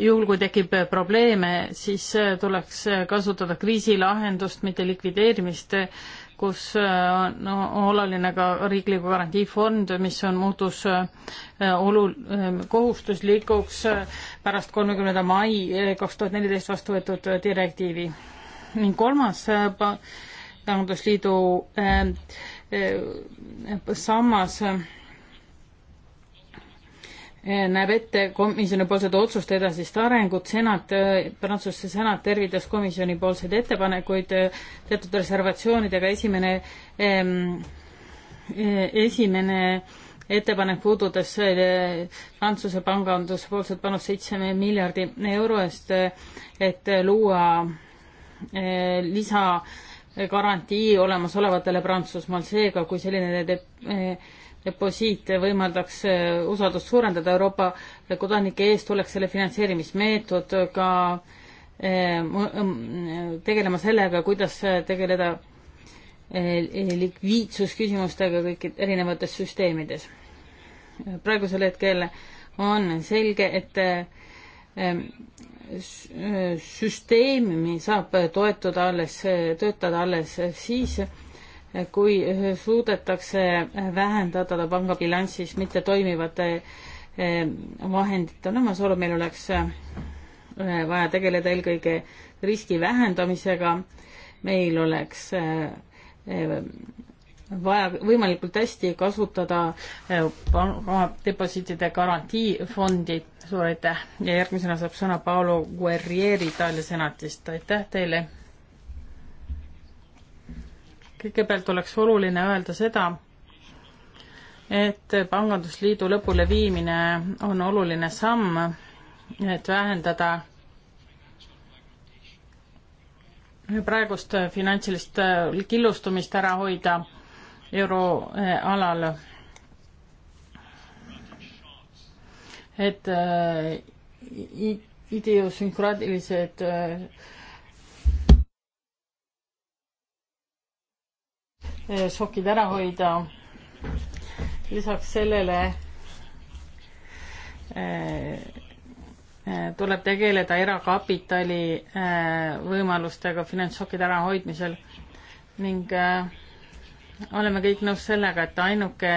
juhul, kui tekib probleeme, siis tuleks kasutada kriisilahendust, mitte likvideerimist kus äh, on no, oluline ka riikliku garantiifond, mis on, muutus äh, olul-, äh, kohustuslikuks pärast kolmekümnenda mai kaks tuhat neliteist vastu võetud direktiivi. ning kolmas pangandusliidu sammas Eh, näeb ette komisjoni poolsed otsuste edasist arengut, senat, eh, Prantsuse senat tervitas komisjoni poolseid ettepanekuid eh, teatud reservatsioonidega, esimene ehm, esimene ettepanek puudutas Prantsuse panganduspoolset panust seitse miljardi euro eest, et luua lisagarantii olemasolevatele Prantsusmaal, seega kui selline teeb deposiit võimaldaks äh, usaldust suurendada Euroopa kodanike eest, tuleks selle finantseerimismeetod ka äh, tegelema sellega, kuidas äh, tegeleda likviidsusküsimustega kõikid erinevates süsteemides. praegusel hetkel on selge, et ähm, süsteemi saab toetuda alles, töötada alles siis, kui suudetakse vähendada pangabilansis mittetoimivate eh, vahendite olemasolu, meil oleks eh, vaja tegeleda eelkõige riski vähendamisega, meil oleks eh, vaja võimalikult hästi kasutada deposiitide garantiifondi. suur aitäh ja järgmisena saab sõna Paolo Guerrieri Itaalia senatist, aitäh teile kõigepealt oleks oluline öelda seda, et pangandusliidu lõpuleviimine on oluline samm, et vähendada praegust finantsilist äh, killustumist ära hoida euroalal. et äh, idiosünkraatilised äh, Eh, šokid ära hoida. lisaks sellele eh, eh, tuleb tegeleda erakapitali võimalustega finantsšokkide ärahoidmisel ning oleme kõik nõus sellega, et ainuke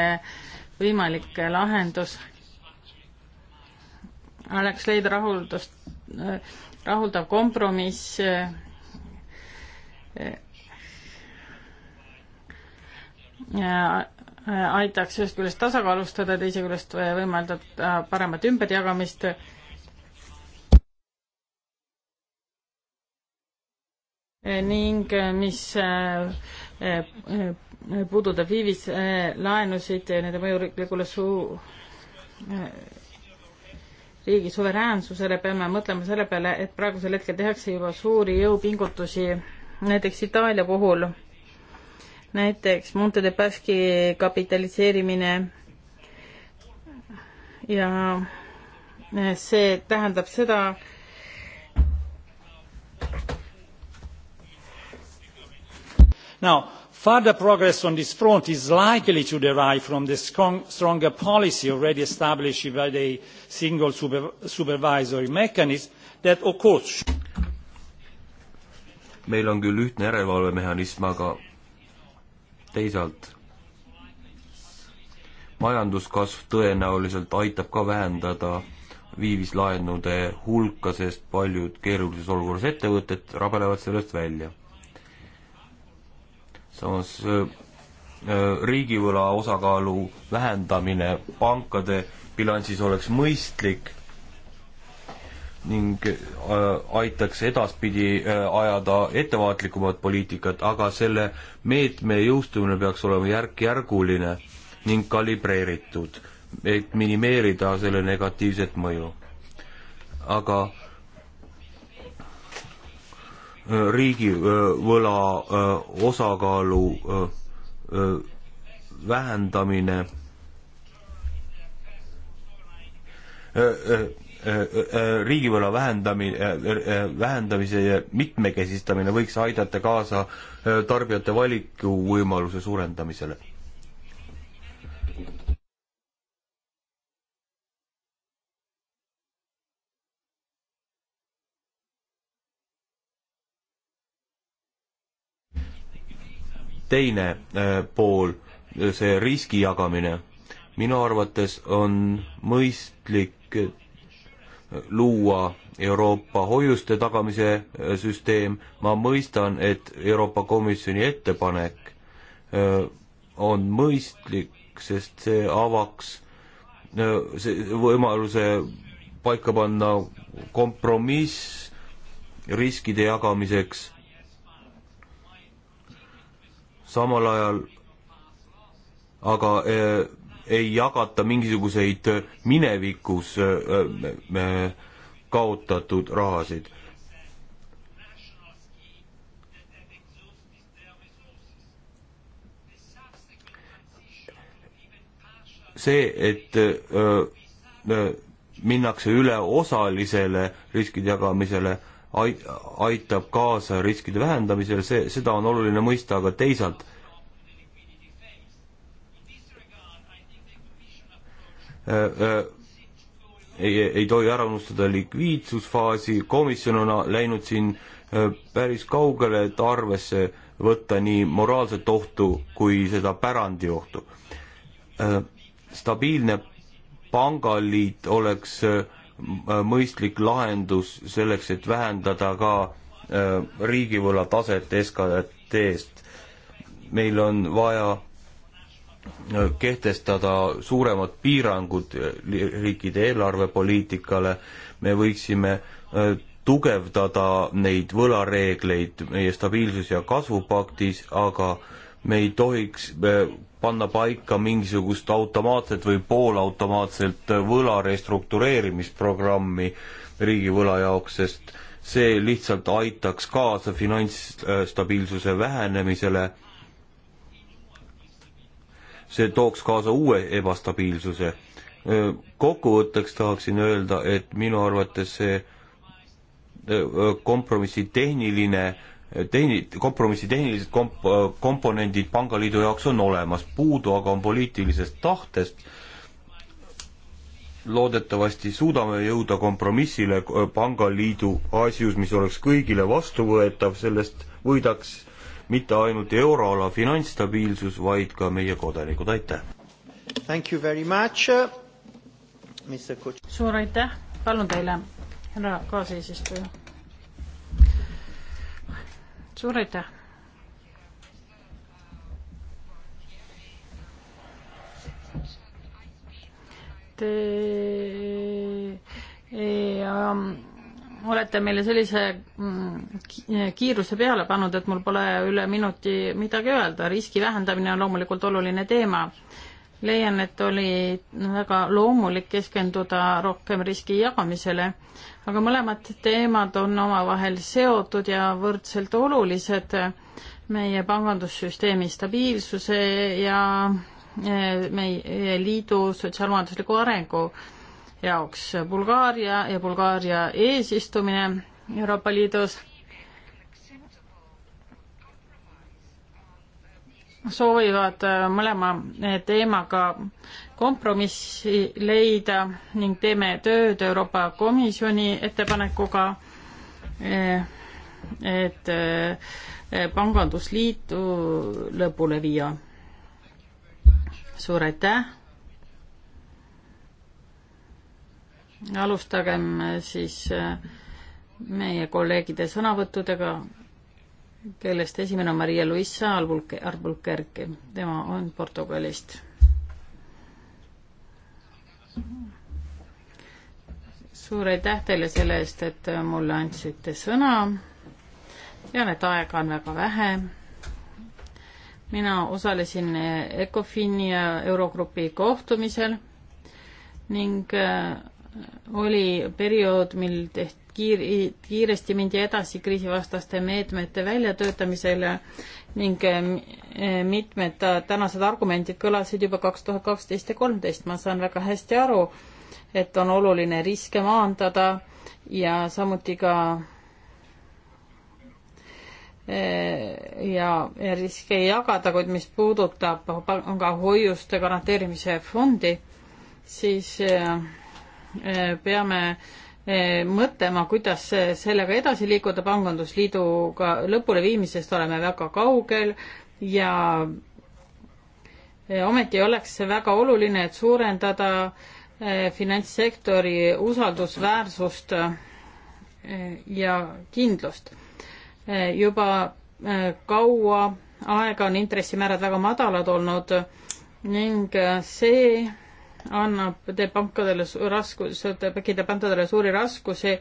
võimalik lahendus oleks leida rahuldust, rahuldav kompromiss Äh, aitaks ühest küljest tasakaalustada, teisest küljest äh, võimaldab äh, paremat ümberjagamist. ning mis puudutab viivis laenusid, nende mõju riiklikule suu-, riigi suveräänsusele, peame mõtlema selle peale, et praegusel hetkel tehakse juba suuri jõupingutusi, näiteks Itaalia puhul näiteks Monte de Paschi kapitaliseerimine ja eh, see tähendab seda, Now, further progress on this front is likely to derive from the strong, stronger policy already established by the single super, supervisory mechanism that occurs. meil on küll ühtne järelevalvemehhanism, aga teisalt majanduskasv tõenäoliselt aitab ka vähendada viivislaenude hulka, sest paljud keerulises olukorras ettevõtted rabelevad sellest välja. samas äh, äh, riigivõla osakaalu vähendamine pankade bilansis oleks mõistlik ning äh, aitaks edaspidi äh, ajada ettevaatlikumat poliitikat, aga selle meetme jõustumine peaks olema järk-järguline ning kalibreeritud, et minimeerida selle negatiivset mõju. aga äh, riigivõla osakaalu vähendamine Äh, äh, äh, riigivõla vähendamine, vähendamise mitmekesistamine võiks aidata kaasa tarbijate valikuvõimaluse suurendamisele. teine pool, see riski jagamine, minu arvates on mõistlik luua Euroopa hoiuste tagamise äh, süsteem, ma mõistan, et Euroopa Komisjoni ettepanek äh, on mõistlik, sest see avaks äh, see võimaluse paika panna kompromiss riskide jagamiseks. samal ajal aga ei jagata mingisuguseid minevikus äh, äh, äh, kaotatud rahasid. see, et öö, minnakse üle osalisele riskide jagamisele, aitab kaasa riskide vähendamisele, see, seda on oluline mõista, aga teisalt Äh, äh, ei, ei tohi ära unustada likviidsusfaasi, komisjon on läinud siin äh, päris kaugele, et arvesse võtta nii moraalset ohtu kui seda pärandiohtu. stabiilne pangaliit oleks mõistlik lahendus selleks, et vähendada ka riigivõla taset SKT-st. meil on vaja kehtestada suuremad piirangud riikide eelarvepoliitikale, me võiksime äh, tugevdada neid võlareegleid meie stabiilsus- ja kasvupaktis, aga me ei tohiks äh, panna paika mingisugust automaatset või poolautomaatselt äh, võla restruktureerimisprogrammi riigivõla jaoks, sest see lihtsalt aitaks kaasa finantsstabiilsuse vähenemisele see tooks kaasa uue ebastabiilsuse. kokkuvõtteks tahaksin öelda, et minu arvates see kompromissi tehniline tehni-, kompromissi tehnilised komp-, komponendid Pangaliidu jaoks on olemas, puudu aga on poliitilisest tahtest, loodetavasti suudame jõuda kompromissile pangaliidu asjus, mis oleks kõigile vastuvõetav, sellest võidaks mitte ainult euroala finantsstabiilsus, vaid ka meie kodanikud, aitäh! suur aitäh, palun teile, härra kaasesistuja. suur aitäh! Te ja e, olete meile sellise mm, kiiruse peale pannud, et mul pole üle minuti midagi öelda. riski vähendamine on loomulikult oluline teema. leian, et oli väga loomulik keskenduda rohkem riski jagamisele, aga mõlemad teemad on omavahel seotud ja võrdselt olulised meie pangandussüsteemi stabiilsuse ja meie liidu sotsiaalmajandusliku arengu jaoks Bulgaaria ja Bulgaaria eesistumine Euroopa Liidus. soovivad äh, mõlema äh, teemaga kompromissi leida ning teeme tööd Euroopa Komisjoni ettepanekuga, äh, et pangandusliitu lõpule viia. suur aitäh alustagem äh, siis äh, meie kolleegide sõnavõttudega, kellest esimene on Maria Luisa Albuquerque, tema on Portugalist. suur aitäh teile selle eest, et äh, mulle andsite sõna. tean, et aega on väga vähe. mina osalesin Ecofini ja Eurogrupi kohtumisel ning oli periood, mil tehti kiiri, kiiresti mindi edasi kriisivastaste meetmete väljatöötamisele ning eh, eh, mitmed tänased argumendid kõlasid juba kaks tuhat kaksteist ja kolmteist. ma saan väga hästi aru, et on oluline riske maandada ja samuti ka eh, ja, ja riske jagada, kuid mis puudutab panga hoiuste garanteerimise fondi, siis äh, Äh, peame äh, mõtlema, kuidas sellega edasi liikuda, pangandusliiduga lõpuleviimisest oleme väga kaugel ja äh, ometi oleks see väga oluline, et suurendada finantssektori usaldusväärsust ja kindlust. juba kaua aega on intressimäärad väga madalad olnud ning see annab, teeb pankadele raskus, tekitab pankadele suuri raskusi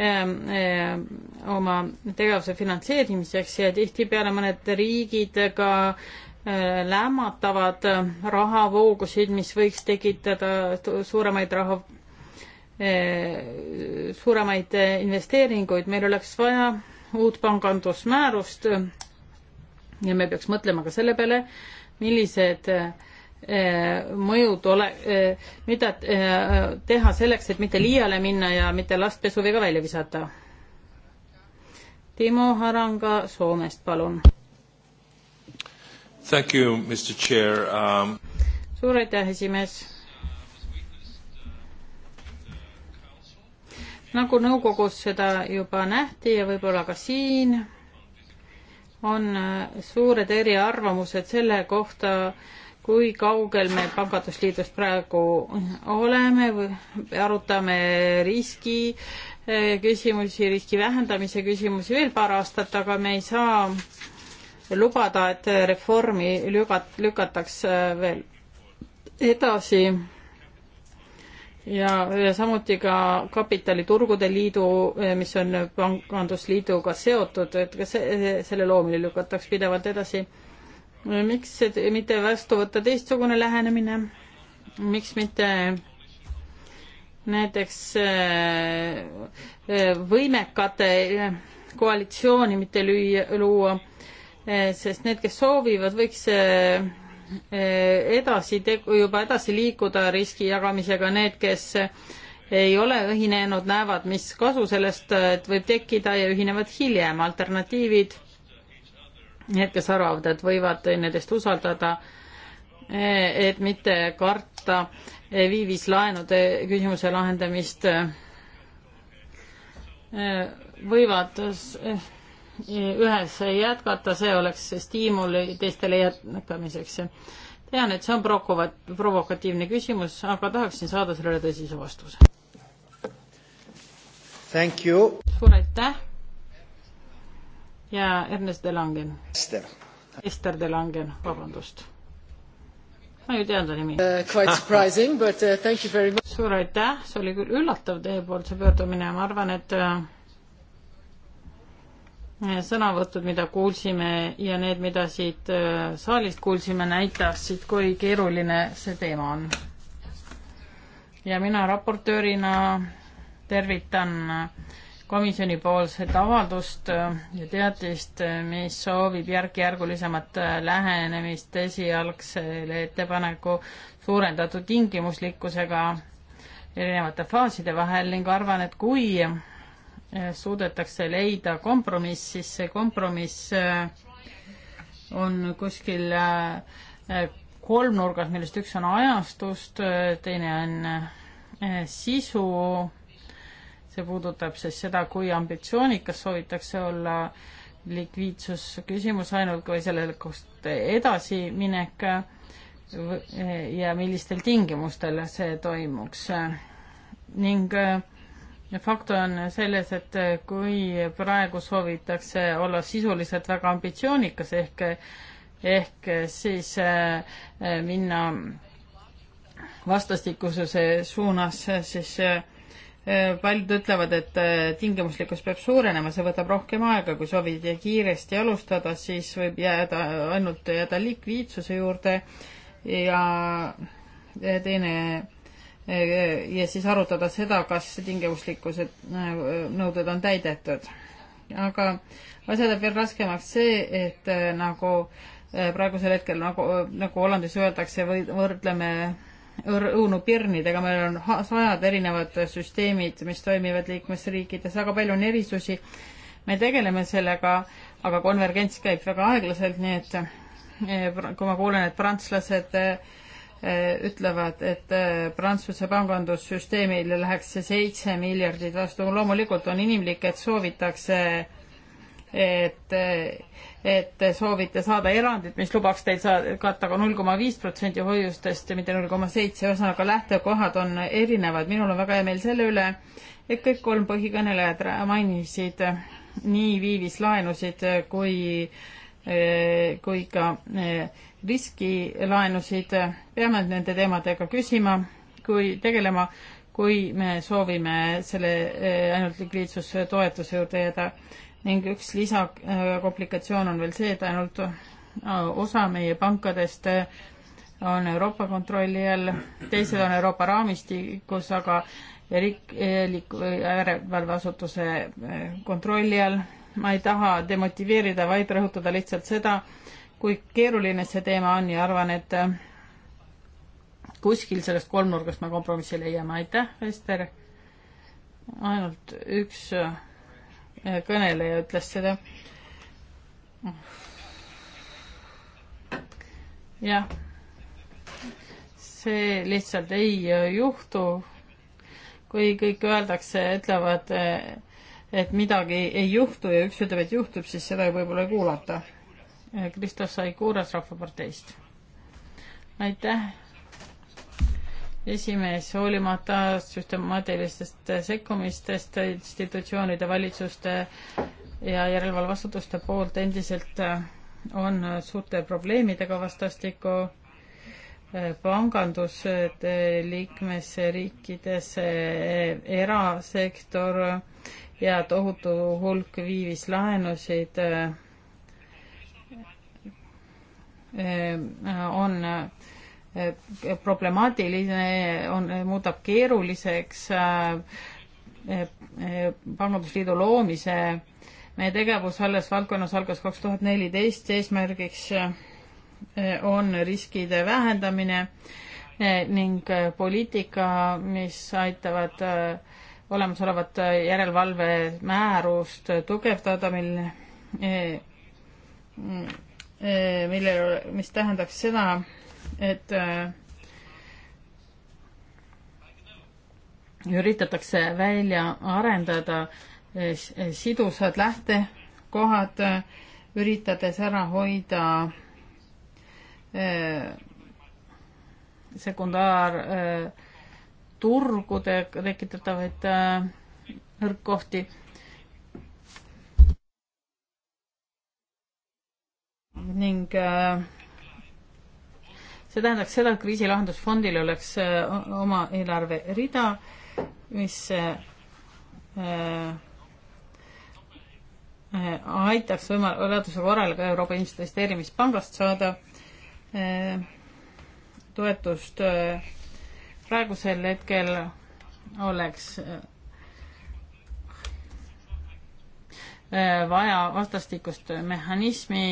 ähm, äh, oma tegevuse finantseerimiseks ja tihtipeale mõned riigid ka äh, lämmatavad äh, rahavoogusid, mis võiks tekitada suuremaid raha, suuremaid investeeringuid, meil oleks vaja uut pangandusmäärust ja me peaks mõtlema ka selle peale, millised äh, Eh, mõjud ole, eh, mida eh, teha selleks, et mitte liiale minna ja mitte last pesuveega välja visata. Timo Haranga Soomest, palun. Thank you, Mr Chair um.... suur aitäh, esimees. nagu nõukogus seda juba nähti ja võib-olla ka siin, on suured eriarvamused selle kohta, kui kaugel me pangandusliidust praegu oleme, arutame riski eh, küsimusi, riski vähendamise küsimusi veel paar aastat, aga me ei saa lubada, et reformi lükat-, lükataks eh, veel edasi. ja, ja samuti ka Kapitaliturgude Liidu, eh, mis on Pangandusliiduga seotud, et ka see, selle loomine lükataks pidevalt edasi miks mitte vastu võtta teistsugune lähenemine, miks mitte näiteks äh, äh, võimekate äh, koalitsiooni mitte lüüa, luua, sest need, kes soovivad, võiks edasi, juba edasi liikuda riski jagamisega, need, kes ei ole ühinenud, näevad, mis kasu sellest võib tekkida ja ühinevad hiljem. alternatiivid need, kes arvavad, et võivad teineteist usaldada, et mitte karta viivis laenude küsimuse lahendamist, võivad ühes jätkata, see oleks stiimul teistele jätkamiseks. tean, et see on prokova-, provokatiivne küsimus, aga tahaksin saada sellele tõsise vastuse. suur aitäh! ja Ernest de Langen. Ester. Ester de Langen, vabandust. ma ei teadnud nimi uh,. Quite surprising but uh, thank you very much. suur aitäh, see oli küll üllatav teie poolt see pöördumine, ma arvan, et uh, sõnavõtud, mida kuulsime ja need, mida siit uh, saalist kuulsime, näitasid, kui keeruline see teema on. ja mina raportöörina tervitan uh, komisjonipoolset avaldust äh, ja teatist, äh, mis soovib järk-järgulisemat äh, lähenemist esialgsele ettepaneku suurendatud tingimuslikkusega erinevate faaside vahel ning arvan, et kui suudetakse leida kompromiss, siis see kompromiss on kuskil kolmnurgas, millest üks on ajastust, teine on sisu see puudutab siis seda, kui ambitsioonikas soovitakse olla likviidsusküsimus ainult või sellele edasiminek ja millistel tingimustel see toimuks. ning äh, fakt on selles, et äh, kui praegu soovitakse olla sisuliselt väga ambitsioonikas ehk, ehk siis äh, minna vastastikususe suunas, siis Äh, paljud ütlevad, et äh, tingimuslikkus peab suurenema, see võtab rohkem aega, kui soovid kiiresti alustada, siis võib jääda, ainult jääda likviidsuse juurde ja äh, teine ja siis arutada seda, kas tingimuslikkuse nõuded on täidetud. aga asja teeb veel raskemaks see, et nagu praegusel hetkel nagu, nagu Hollandis öeldakse, või võrdleme õunupirnidega, meil on sajad erinevad süsteemid, mis toimivad liikmesriikides, väga palju on erisusi. me tegeleme sellega, aga konvergents käib väga aeglaselt, nii et eh, kui ma kuulen, et prantslased eh, ütlevad, et eh, Prantsuse pangandussüsteemile läheks see seitse miljardit vastu, loomulikult on inimlik, et soovitakse et, et soovite saada erandit, mis lubaks teil saa-, katta ka null koma viis protsendi hoiustest ja mitte null koma seitse, ühesõnaga lähtekohad on erinevad. minul on väga hea meel selle üle, et kõik kolm põhikõnelejat mainisid nii viivislaenusid kui, kui ka eh, riskilaenusid. peame nende teemadega küsima, kui tegelema kui me soovime selle eh, ainult likviidsustoetuse juurde jääda ning üks lisakomplikatsioon on veel see, et ainult eh, osa meie pankadest eh, on Euroopa kontrolli all, teised on Euroopa raamistikus, aga riik, järelevalveasutuse kontrolli all. ma ei taha demotiveerida, vaid rõhutada lihtsalt seda, kui keeruline see teema on ja arvan, et kuskil sellest kolmnurgast me kompromissi leiame, aitäh, Ester. ainult üks äh, kõneleja ütles seda. jah, see lihtsalt ei äh, juhtu, kui kõik öeldakse, ütlevad, äh, et midagi ei juhtu ja üks ütleb, et juhtub, siis seda võib-olla ei kuulata. Kristo sai kuuras Rahvaparteist. aitäh esimees, hoolimata süstemaatilistest sekkumistest institutsioonide, valitsuste ja järelevalveasutuste poolt endiselt äh, on äh, suurte probleemidega vastastikku äh, pangandus liikmesriikides, erasektor ja tohutu hulk viivislaenusid on Eh, problemaatiline, on, muudab keeruliseks eh, eh, pangandusliidu loomise. meie tegevus selles valdkonnas algas kaks tuhat neliteist, eesmärgiks on riskide vähendamine ning poliitika, mis aitavad olemasolevat järelevalvemäärust tugevdada, mil mm, millel, mis tähendaks seda, et äh, üritatakse välja arendada äh, sidusad lähtekohad, äh, üritades ära hoida sekundaarturgude tekitatavaid nõrkkohti. ning äh, see tähendaks seda, et kriisilahendusfondil oleks äh, oma eelarverida, mis äh, äh, aitaks võima-, vajaduse korral ka Euroopa Investeerimispangast saada toetust. praegusel hetkel oleks vaja vastastikust mehhanismi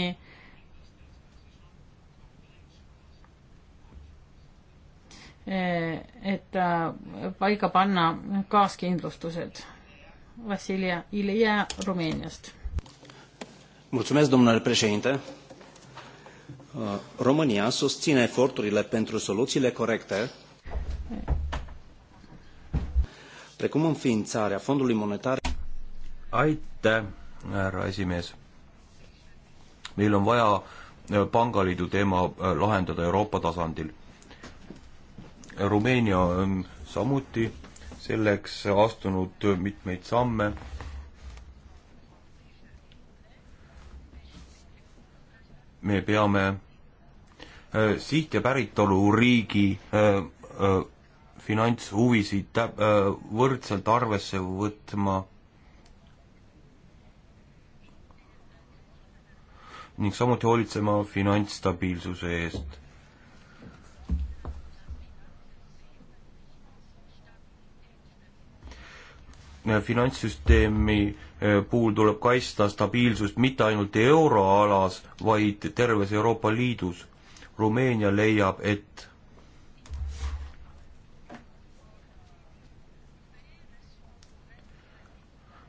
Eh, et äh, paika panna kaaskindlustused. Vassilia Ilia Rumeeniast. mulțumesc, domnule președinte. Äh, România susține eforturile pentru soluțiile corecte precum înființarea fondului monetar. aitäh, härra esimees. meil on vaja äh, pangaliidu teema lahendada Euroopa tasandil Rumeenia on samuti selleks astunud mitmeid samme. me peame äh, siht- ja päritoluriigi äh, äh, finantshuvisid täp-, äh, võrdselt arvesse võtma ning samuti hoolitsema finantsstabiilsuse eest Äh, finantssüsteemi äh, puhul tuleb kaitsta stabiilsust mitte ainult euroalas, vaid terves Euroopa Liidus. Rumeenia leiab, et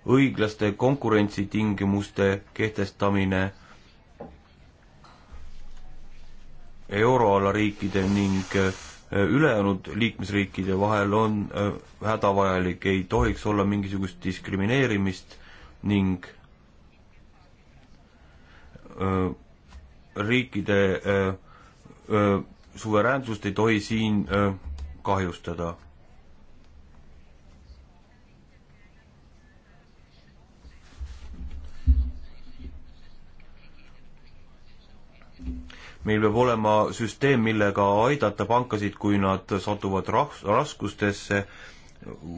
õiglaste konkurentsitingimuste kehtestamine euroala riikide ning äh, Äh, ülejäänud liikmesriikide vahel on äh, hädavajalik, ei tohiks olla mingisugust diskrimineerimist ning äh, riikide suveräänsust ei tohi siin kahjustada meil peab olema süsteem, millega aidata pankasid, kui nad satuvad rahv-, raskustesse,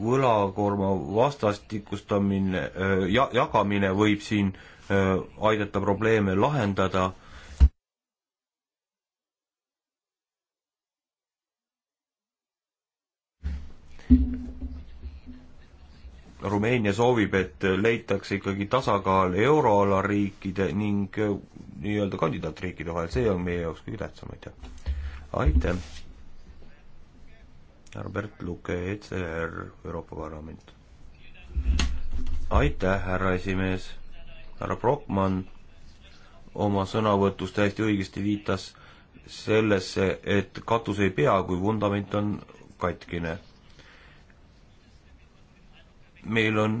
võlakoorma vastastikustamine äh, ja jagamine võib siin äh, aidata probleeme lahendada Rumeenia soovib, et leitakse ikkagi tasakaal euroala riikide ning äh, nii-öelda kandidaatriikide vahel, see on meie jaoks kõige tähtsam, aitäh. aitäh. Herbert Luke, ECR, Euroopa Parlament. aitäh, härra esimees. härra Brockmann oma sõnavõtus täiesti õigesti viitas sellesse, et katus ei pea, kui vundament on katkine meil on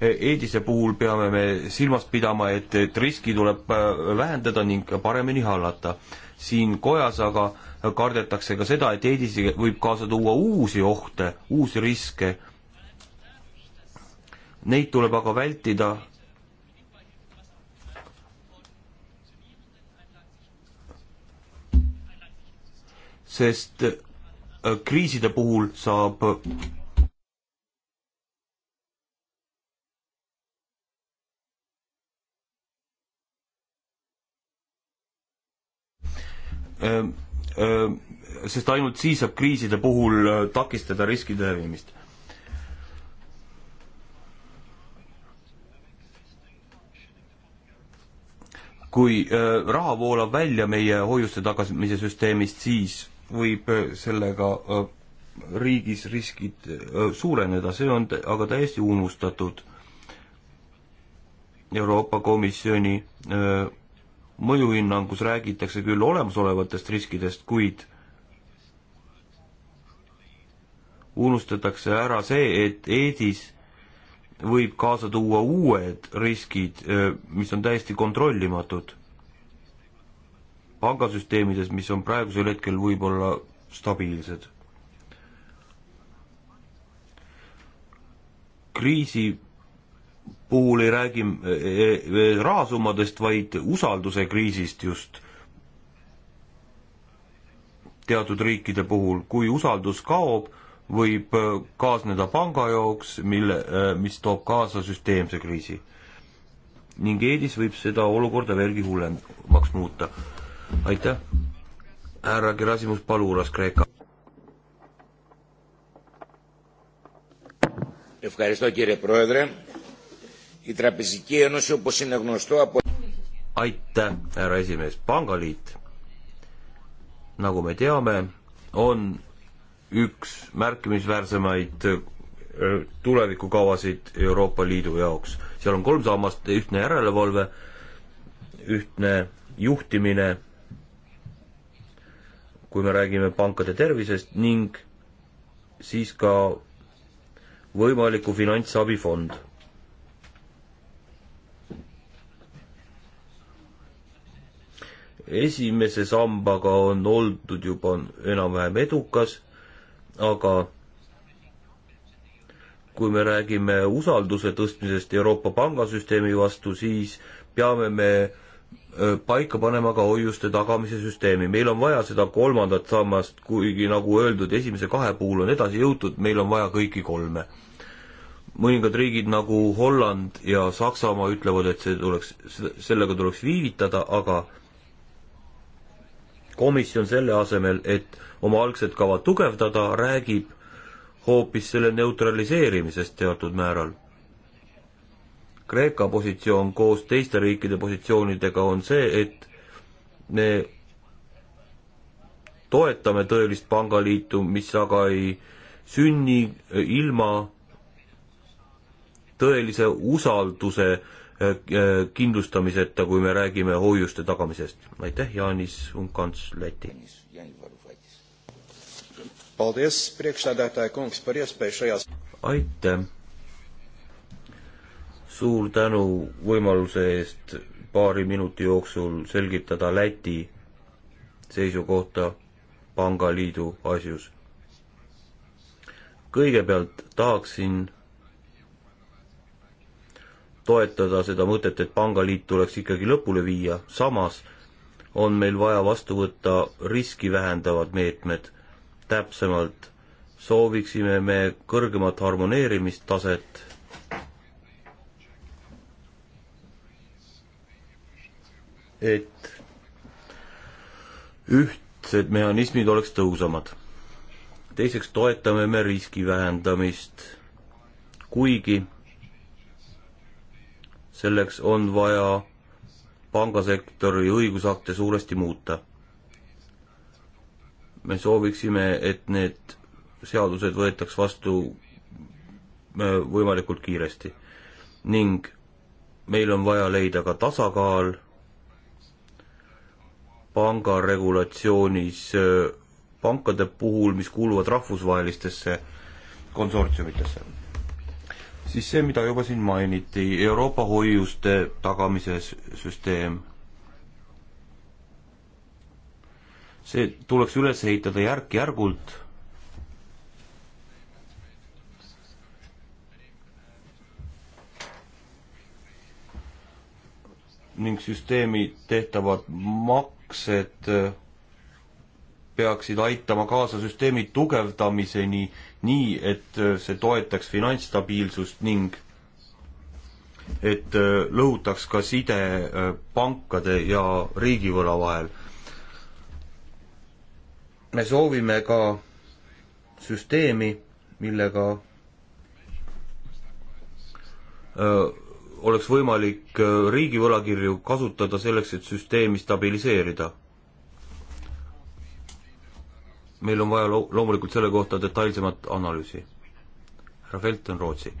Eedise puhul peame me silmas pidama, et, et riski tuleb äh, vähendada ning paremini hallata. siin kojas aga kardetakse ka seda, et Eedisi võib kaasa tuua uusi ohte, uusi riske. Neid tuleb aga vältida sest äh, kriiside puhul saab ähm, äh, sest ainult siis saab kriiside puhul äh, takistada riskide levimist. kui raha voolab välja meie hoiuste tagasimise süsteemist, siis võib eh, sellega eh, riigis riskid eh, suureneda, see on aga täiesti unustatud Euroopa Komisjoni mõjuhinnangus räägitakse küll olemasolevatest riskidest, kuid unustatakse ära see, et Eestis võib kaasa tuua uued riskid, mis on täiesti kontrollimatud pangasüsteemides, mis on praegusel hetkel võib-olla stabiilsed. kriisi puhul ei räägi e, e, rahasummadest, vaid usalduse kriisist just teatud riikide puhul, kui usaldus kaob, võib e, kaasneda pangajooks, mille, mis toob kaasa süsteemse kriisi ning Eedis võib seda olukorda veelgi hullemaks muuta aitäh, härra Gerasimus Palulas, Kreeka. Ευχαριστώ κύριε Πρόεδρε. Η Τραπεζική Ένωση όπως είναι γνωστό από... Aitäh, härra esimees. Pangaliit, nagu me teame, on üks märkimisväärsemaid äh, tulevikukavasid Euroopa Liidu jaoks. seal on kolm sammast, ühtne järelevalve, ühtne juhtimine kui me räägime pankade tervisest ning siis ka võimaliku finantsabifond. esimese sambaga on oldud juba enam-vähem edukas, aga kui me räägime usalduse tõstmisest Euroopa pangasüsteemi vastu, siis peame me paika panema ka hoiuste tagamise süsteemi. meil on vaja seda kolmandat sammast, kuigi nagu öeldud, esimese kahe puhul on edasi jõutud, meil on vaja kõiki kolme. mõningad riigid nagu Holland ja Saksamaa ütlevad, et see tuleks, sellega tuleks viivitada, aga komisjon selle asemel, et oma algset kava tugevdada, räägib hoopis selle neutraliseerimisest teatud määral Kreeka positsioon koos teiste riikide positsioonidega on see, et me toetame tõelist pangaliitu, mis aga ei sünni ilma tõelise usalduse äh, äh, kindlustamiseta, kui me räägime hoiuste tagamisest. aitäh, Jaanis Unkants, Läti. aitäh suur tänu võimaluse eest paari minuti jooksul selgitada Läti seisukohta pangaliidu asjus. kõigepealt tahaksin toetada seda mõtet, et pangaliit tuleks ikkagi lõpule viia, samas on meil vaja vastu võtta riski vähendavad meetmed. täpsemalt sooviksime me kõrgemat harmoneerimistaset et ühtsed mehhanismid oleks tõhusamad. teiseks toetame me riski vähendamist, kuigi selleks on vaja pangasektori õigusakte suuresti muuta. me sooviksime, et need seadused võetaks vastu äh, võimalikult kiiresti ning meil on vaja leida ka tasakaal pangaregulatsioonis äh, pankade puhul, mis kuuluvad rahvusvahelistesse konsortsiumitesse. siis see, mida juba siin mainiti, Euroopa hoiuste tagamise süsteem. see tuleks üles ehitada järk-järgult ning süsteemi tehtavad maksed äh, peaksid aitama kaasa süsteemi tugevdamiseni nii, et äh, see toetaks finantsstabiilsust ning et äh, lõhutaks ka side pankade ja riigivõla vahel. me soovime ka süsteemi, millega öö, oleks võimalik äh, riigi võlakirju kasutada selleks, et süsteemi stabiliseerida. meil on vaja lo-, loomulikult selle kohta detailsemat analüüsi. härra Felton, Rootsi.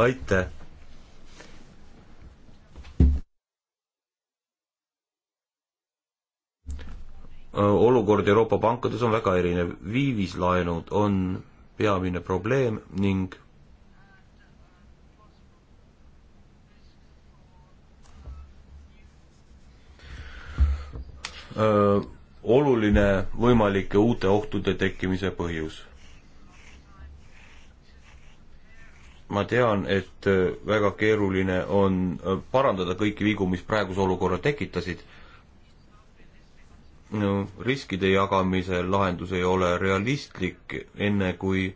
aitäh. Äh, olukord Euroopa pankades on väga erinev, viivislaenud on peamine probleem ning öö, äh, oluline võimalike uute ohtude tekkimise põhjus. ma tean, et äh, väga keeruline on parandada kõiki vigu, mis praeguse olukorra tekitasid no, riskide jagamise lahendus ei ole realistlik, enne kui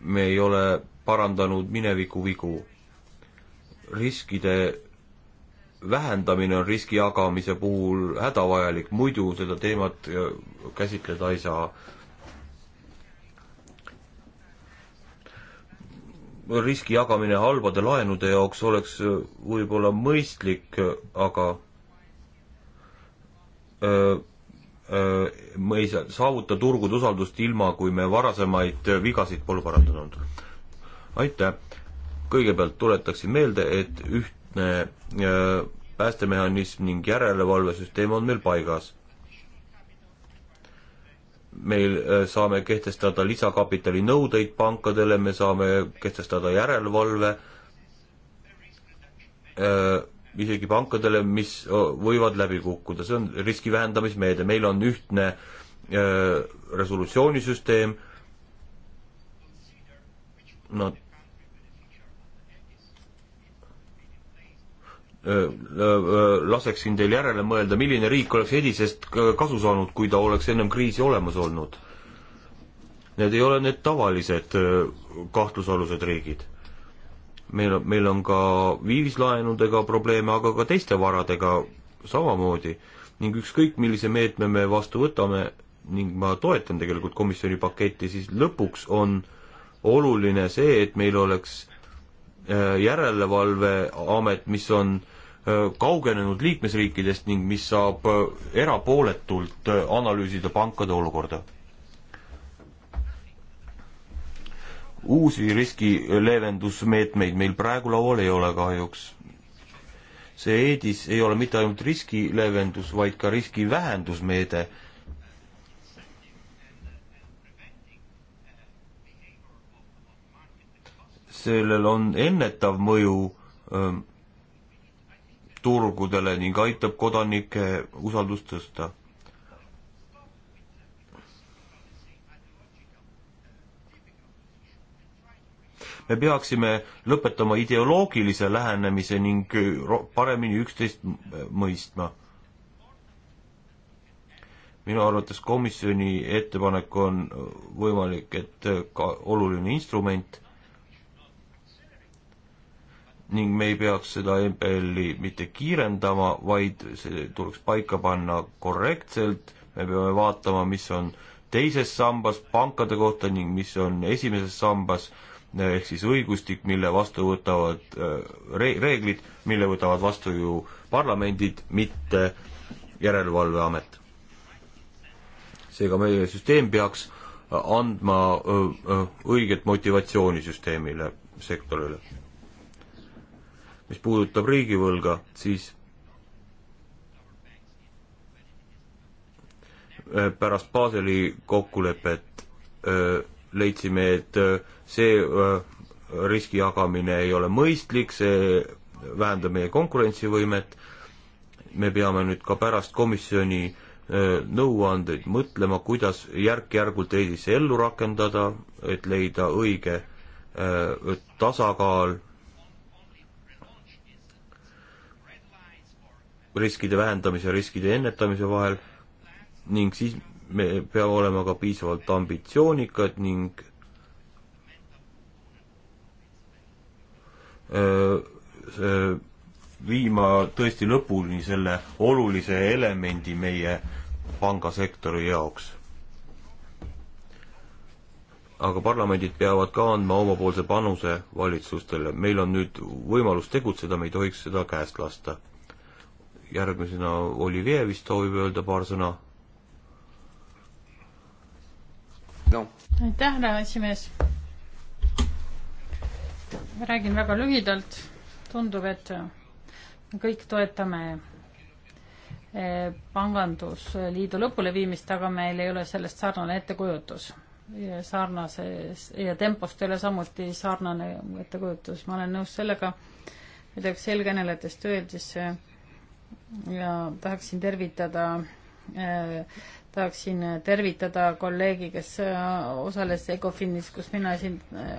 me ei ole parandanud mineviku vigu. riskide vähendamine on riski jagamise puhul hädavajalik, muidu seda teemat äh, käsitleda ei saa. riski jagamine halbade laenude jaoks oleks äh, võib-olla mõistlik, aga Äh, äh, me ei saavuta turgude usaldust ilma, kui me varasemaid vigasid pole parandanud. aitäh! kõigepealt tuletaksin meelde, et ühtne äh, päästemehhanism ning järelevalvesüsteem on meil paigas. meil saame kehtestada lisakapitali nõudeid pankadele, me saame kehtestada järelevalve, isegi pankadele, mis võivad läbi kukkuda, see on riski vähendamismeede, meil on ühtne öö, resolutsioonisüsteem, no laseksin teil järele mõelda, milline riik oleks edisest kasu saanud, kui ta oleks ennem kriisi olemas olnud. Need ei ole need tavalised kahtlusalused riigid meil on, meil on ka viivislaenudega probleeme, aga ka teiste varadega samamoodi ning ükskõik, millise meetme me vastu võtame ning ma toetan tegelikult komisjoni paketti, siis lõpuks on oluline see, et meil oleks äh, järelevalveamet, mis on äh, kaugenenud liikmesriikidest ning mis saab äh, erapooletult analüüsida pankade olukorda uusi riskileevendusmeetmeid meil praegu laual ei ole kahjuks. see EEDIS ei ole mitte ainult riskileevendus, vaid ka riski vähendusmeede. sellel on ennetav mõju öö, ähm, turgudele ning aitab kodanike usaldust tõsta me peaksime lõpetama ideoloogilise lähenemise ning paremini üksteist mõistma. minu arvates komisjoni ettepanek on võimalik, et ka oluline instrument ning me ei peaks seda MPL-i mitte kiirendama, vaid see tuleks paika panna korrektselt, me peame vaatama, mis on teises sambas pankade kohta ning mis on esimeses sambas ehk siis õigustik, mille vastu võtavad äh, re-, reeglid, mille võtavad vastu ju parlamendid, mitte järelevalveamet. seega meie süsteem peaks äh, andma äh, õiget motivatsiooni süsteemile, sektorile. mis puudutab riigivõlga, siis pärast Baseli kokkulepet leidsime, et äh, see äh, riski jagamine ei ole mõistlik, see vähendab meie konkurentsivõimet, me peame nüüd ka pärast komisjoni äh, nõuandeid mõtlema, kuidas järk-järgult EIS ellu rakendada, et leida õige tasakaal riskide vähendamise ja riskide ennetamise vahel ning siis me peame olema ka piisavalt ambitsioonikad ning äh, äh, viima tõesti lõpuni selle olulise elemendi meie pangasektori jaoks. aga parlamendid peavad ka andma omapoolse panuse valitsustele, meil on nüüd võimalus tegutseda, me ei tohiks seda käest lasta. järgmisena Olivia vist soovib öelda paar sõna no.. aitäh, härra esimees. räägin väga lühidalt. tundub, et kõik toetame eh, pangandusliidu lõpuleviimist, aga meil ei ole sellest sarnane ettekujutus. sarnases ja tempost ei ole samuti sarnane ettekujutus. ma olen nõus sellega, mida üks eelkõnelejatest öeldis ja tahaksin tervitada äh, tahaksin tervitada kolleegi, kes äh, osales Ecofinis, kus mina esin-, äh,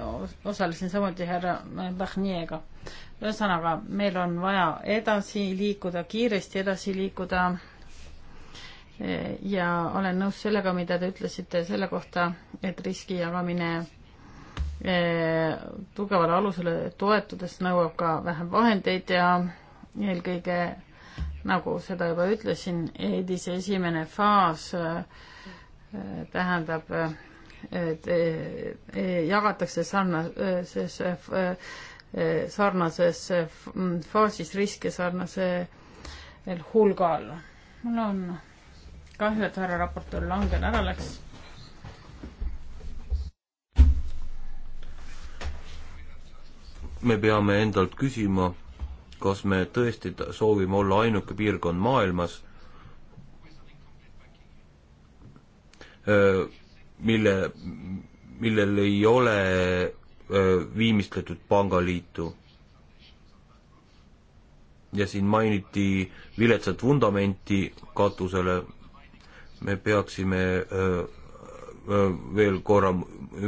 osalesin samuti härra Bahniega. ühesõnaga, meil on vaja edasi liikuda, kiiresti edasi liikuda äh, ja olen nõus sellega, mida te ütlesite selle kohta, et riski jagamine tugevale alusele toetudes nõuab ka vähem vahendeid ja eelkõige nagu seda juba ütlesin, EDIS-i esimene faas äh, tähendab, et äh, äh, jagatakse sarnases, sarnases faasis riske sarnasel hulgal. mul on kahju, et härra raportöör Langen ära läks me peame endalt küsima, kas me tõesti soovime olla ainuke piirkond maailmas, mille, millel ei ole viimistletud pangaliitu. ja siin mainiti viletsat vundamenti katusele, me peaksime veel korra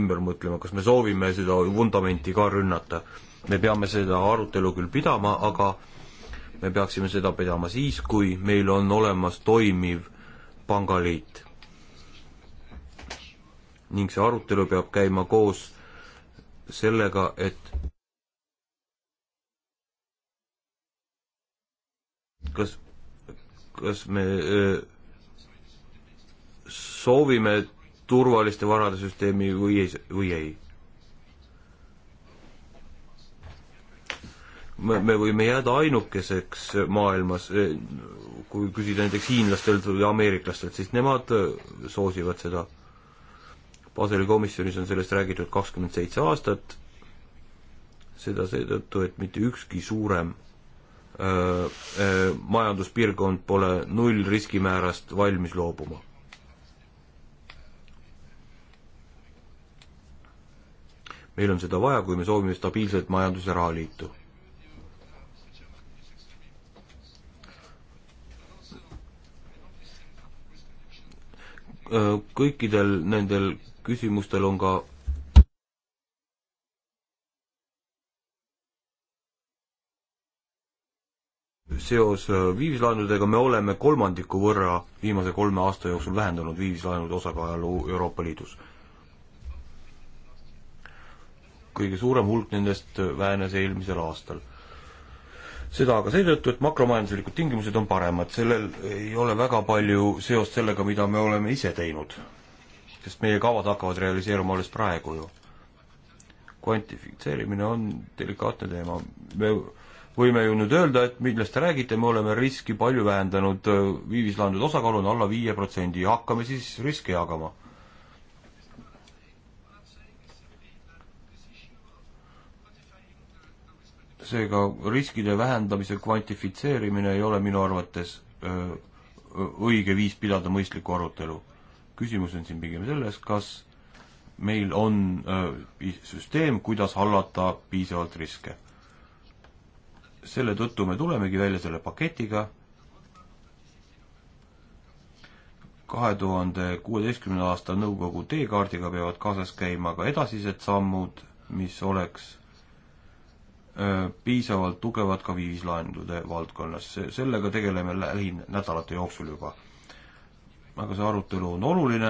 ümber mõtlema, kas me soovime seda vundamenti ka rünnata me peame seda arutelu küll pidama, aga me peaksime seda pidama siis, kui meil on olemas toimiv pangaliit. ning see arutelu peab käima koos sellega, et kas, kas me öö, äh, soovime turvaliste varade süsteemi või ei, või ei me võime jääda ainukeseks maailmas, eh, kui küsida näiteks hiinlastelt või ameeriklastelt, siis nemad eh, soosivad seda. Baseli komisjonis on sellest räägitud kakskümmend seitse aastat, seda seetõttu, et mitte ükski suurem öö, eh, öö, majanduspiirkond pole null riskimäärast valmis loobuma. meil on seda vaja, kui me soovime stabiilset majandus- ja rahaliitu Äh, kõikidel nendel küsimustel on ka seos äh, viivislaenudega me oleme kolmandiku võrra viimase kolme aasta jooksul vähendanud viivislaenude osakaalu Euroopa Liidus. kõige suurem hulk nendest vähenes eelmisel aastal seda aga seetõttu, et makromajanduslikud tingimused on paremad, sellel ei ole väga palju seost sellega, mida me oleme ise teinud. sest meie kavad hakkavad realiseeruma alles praegu ju. kvantifitseerimine on delikaatne teema, me võime ju nüüd öelda, et millest te räägite, me oleme riski palju vähendanud, viivislaenude osakaal on alla viie protsendi, hakkame siis riske jagama seega riskide vähendamise kvantifitseerimine ei ole minu arvates öö, õige viis pidada mõistlikku arutelu. küsimus on siin pigem selles, kas meil on öö, süsteem, kuidas hallata piisavalt riske. selle tõttu me tulemegi välja selle paketiga, kahe tuhande kuueteistkümnenda aasta nõukogu teekaardiga peavad kaasas käima ka edasised sammud, mis oleks Äh, piisavalt tugevad ka viivislaenude valdkonnas. sellega tegeleme lähinädalate jooksul juba. aga see arutelu on oluline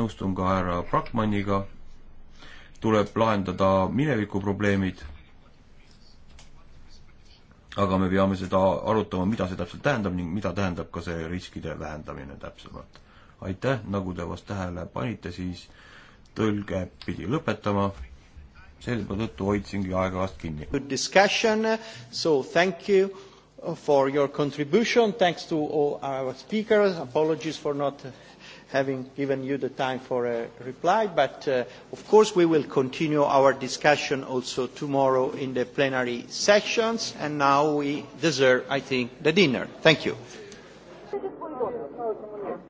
nõustun ka härra Brackmanniga, tuleb lahendada mineviku probleemid, aga me peame seda arutama, mida see täpselt tähendab ning mida tähendab ka see riskide vähendamine täpsemalt aitäh, nagu te vast tähele panite, siis tõlge pidi lõpetama, selle tõttu hoidsingi aeg-ajast kinni. Good discussion, so thank you for your contribution, thanks to all our speakers, apologies for not having given you the time for a reply, but uh, of course we will continue our discussion also tomorrow in the plenary sessions, and now we deserve, I think, the dinner. Thank you.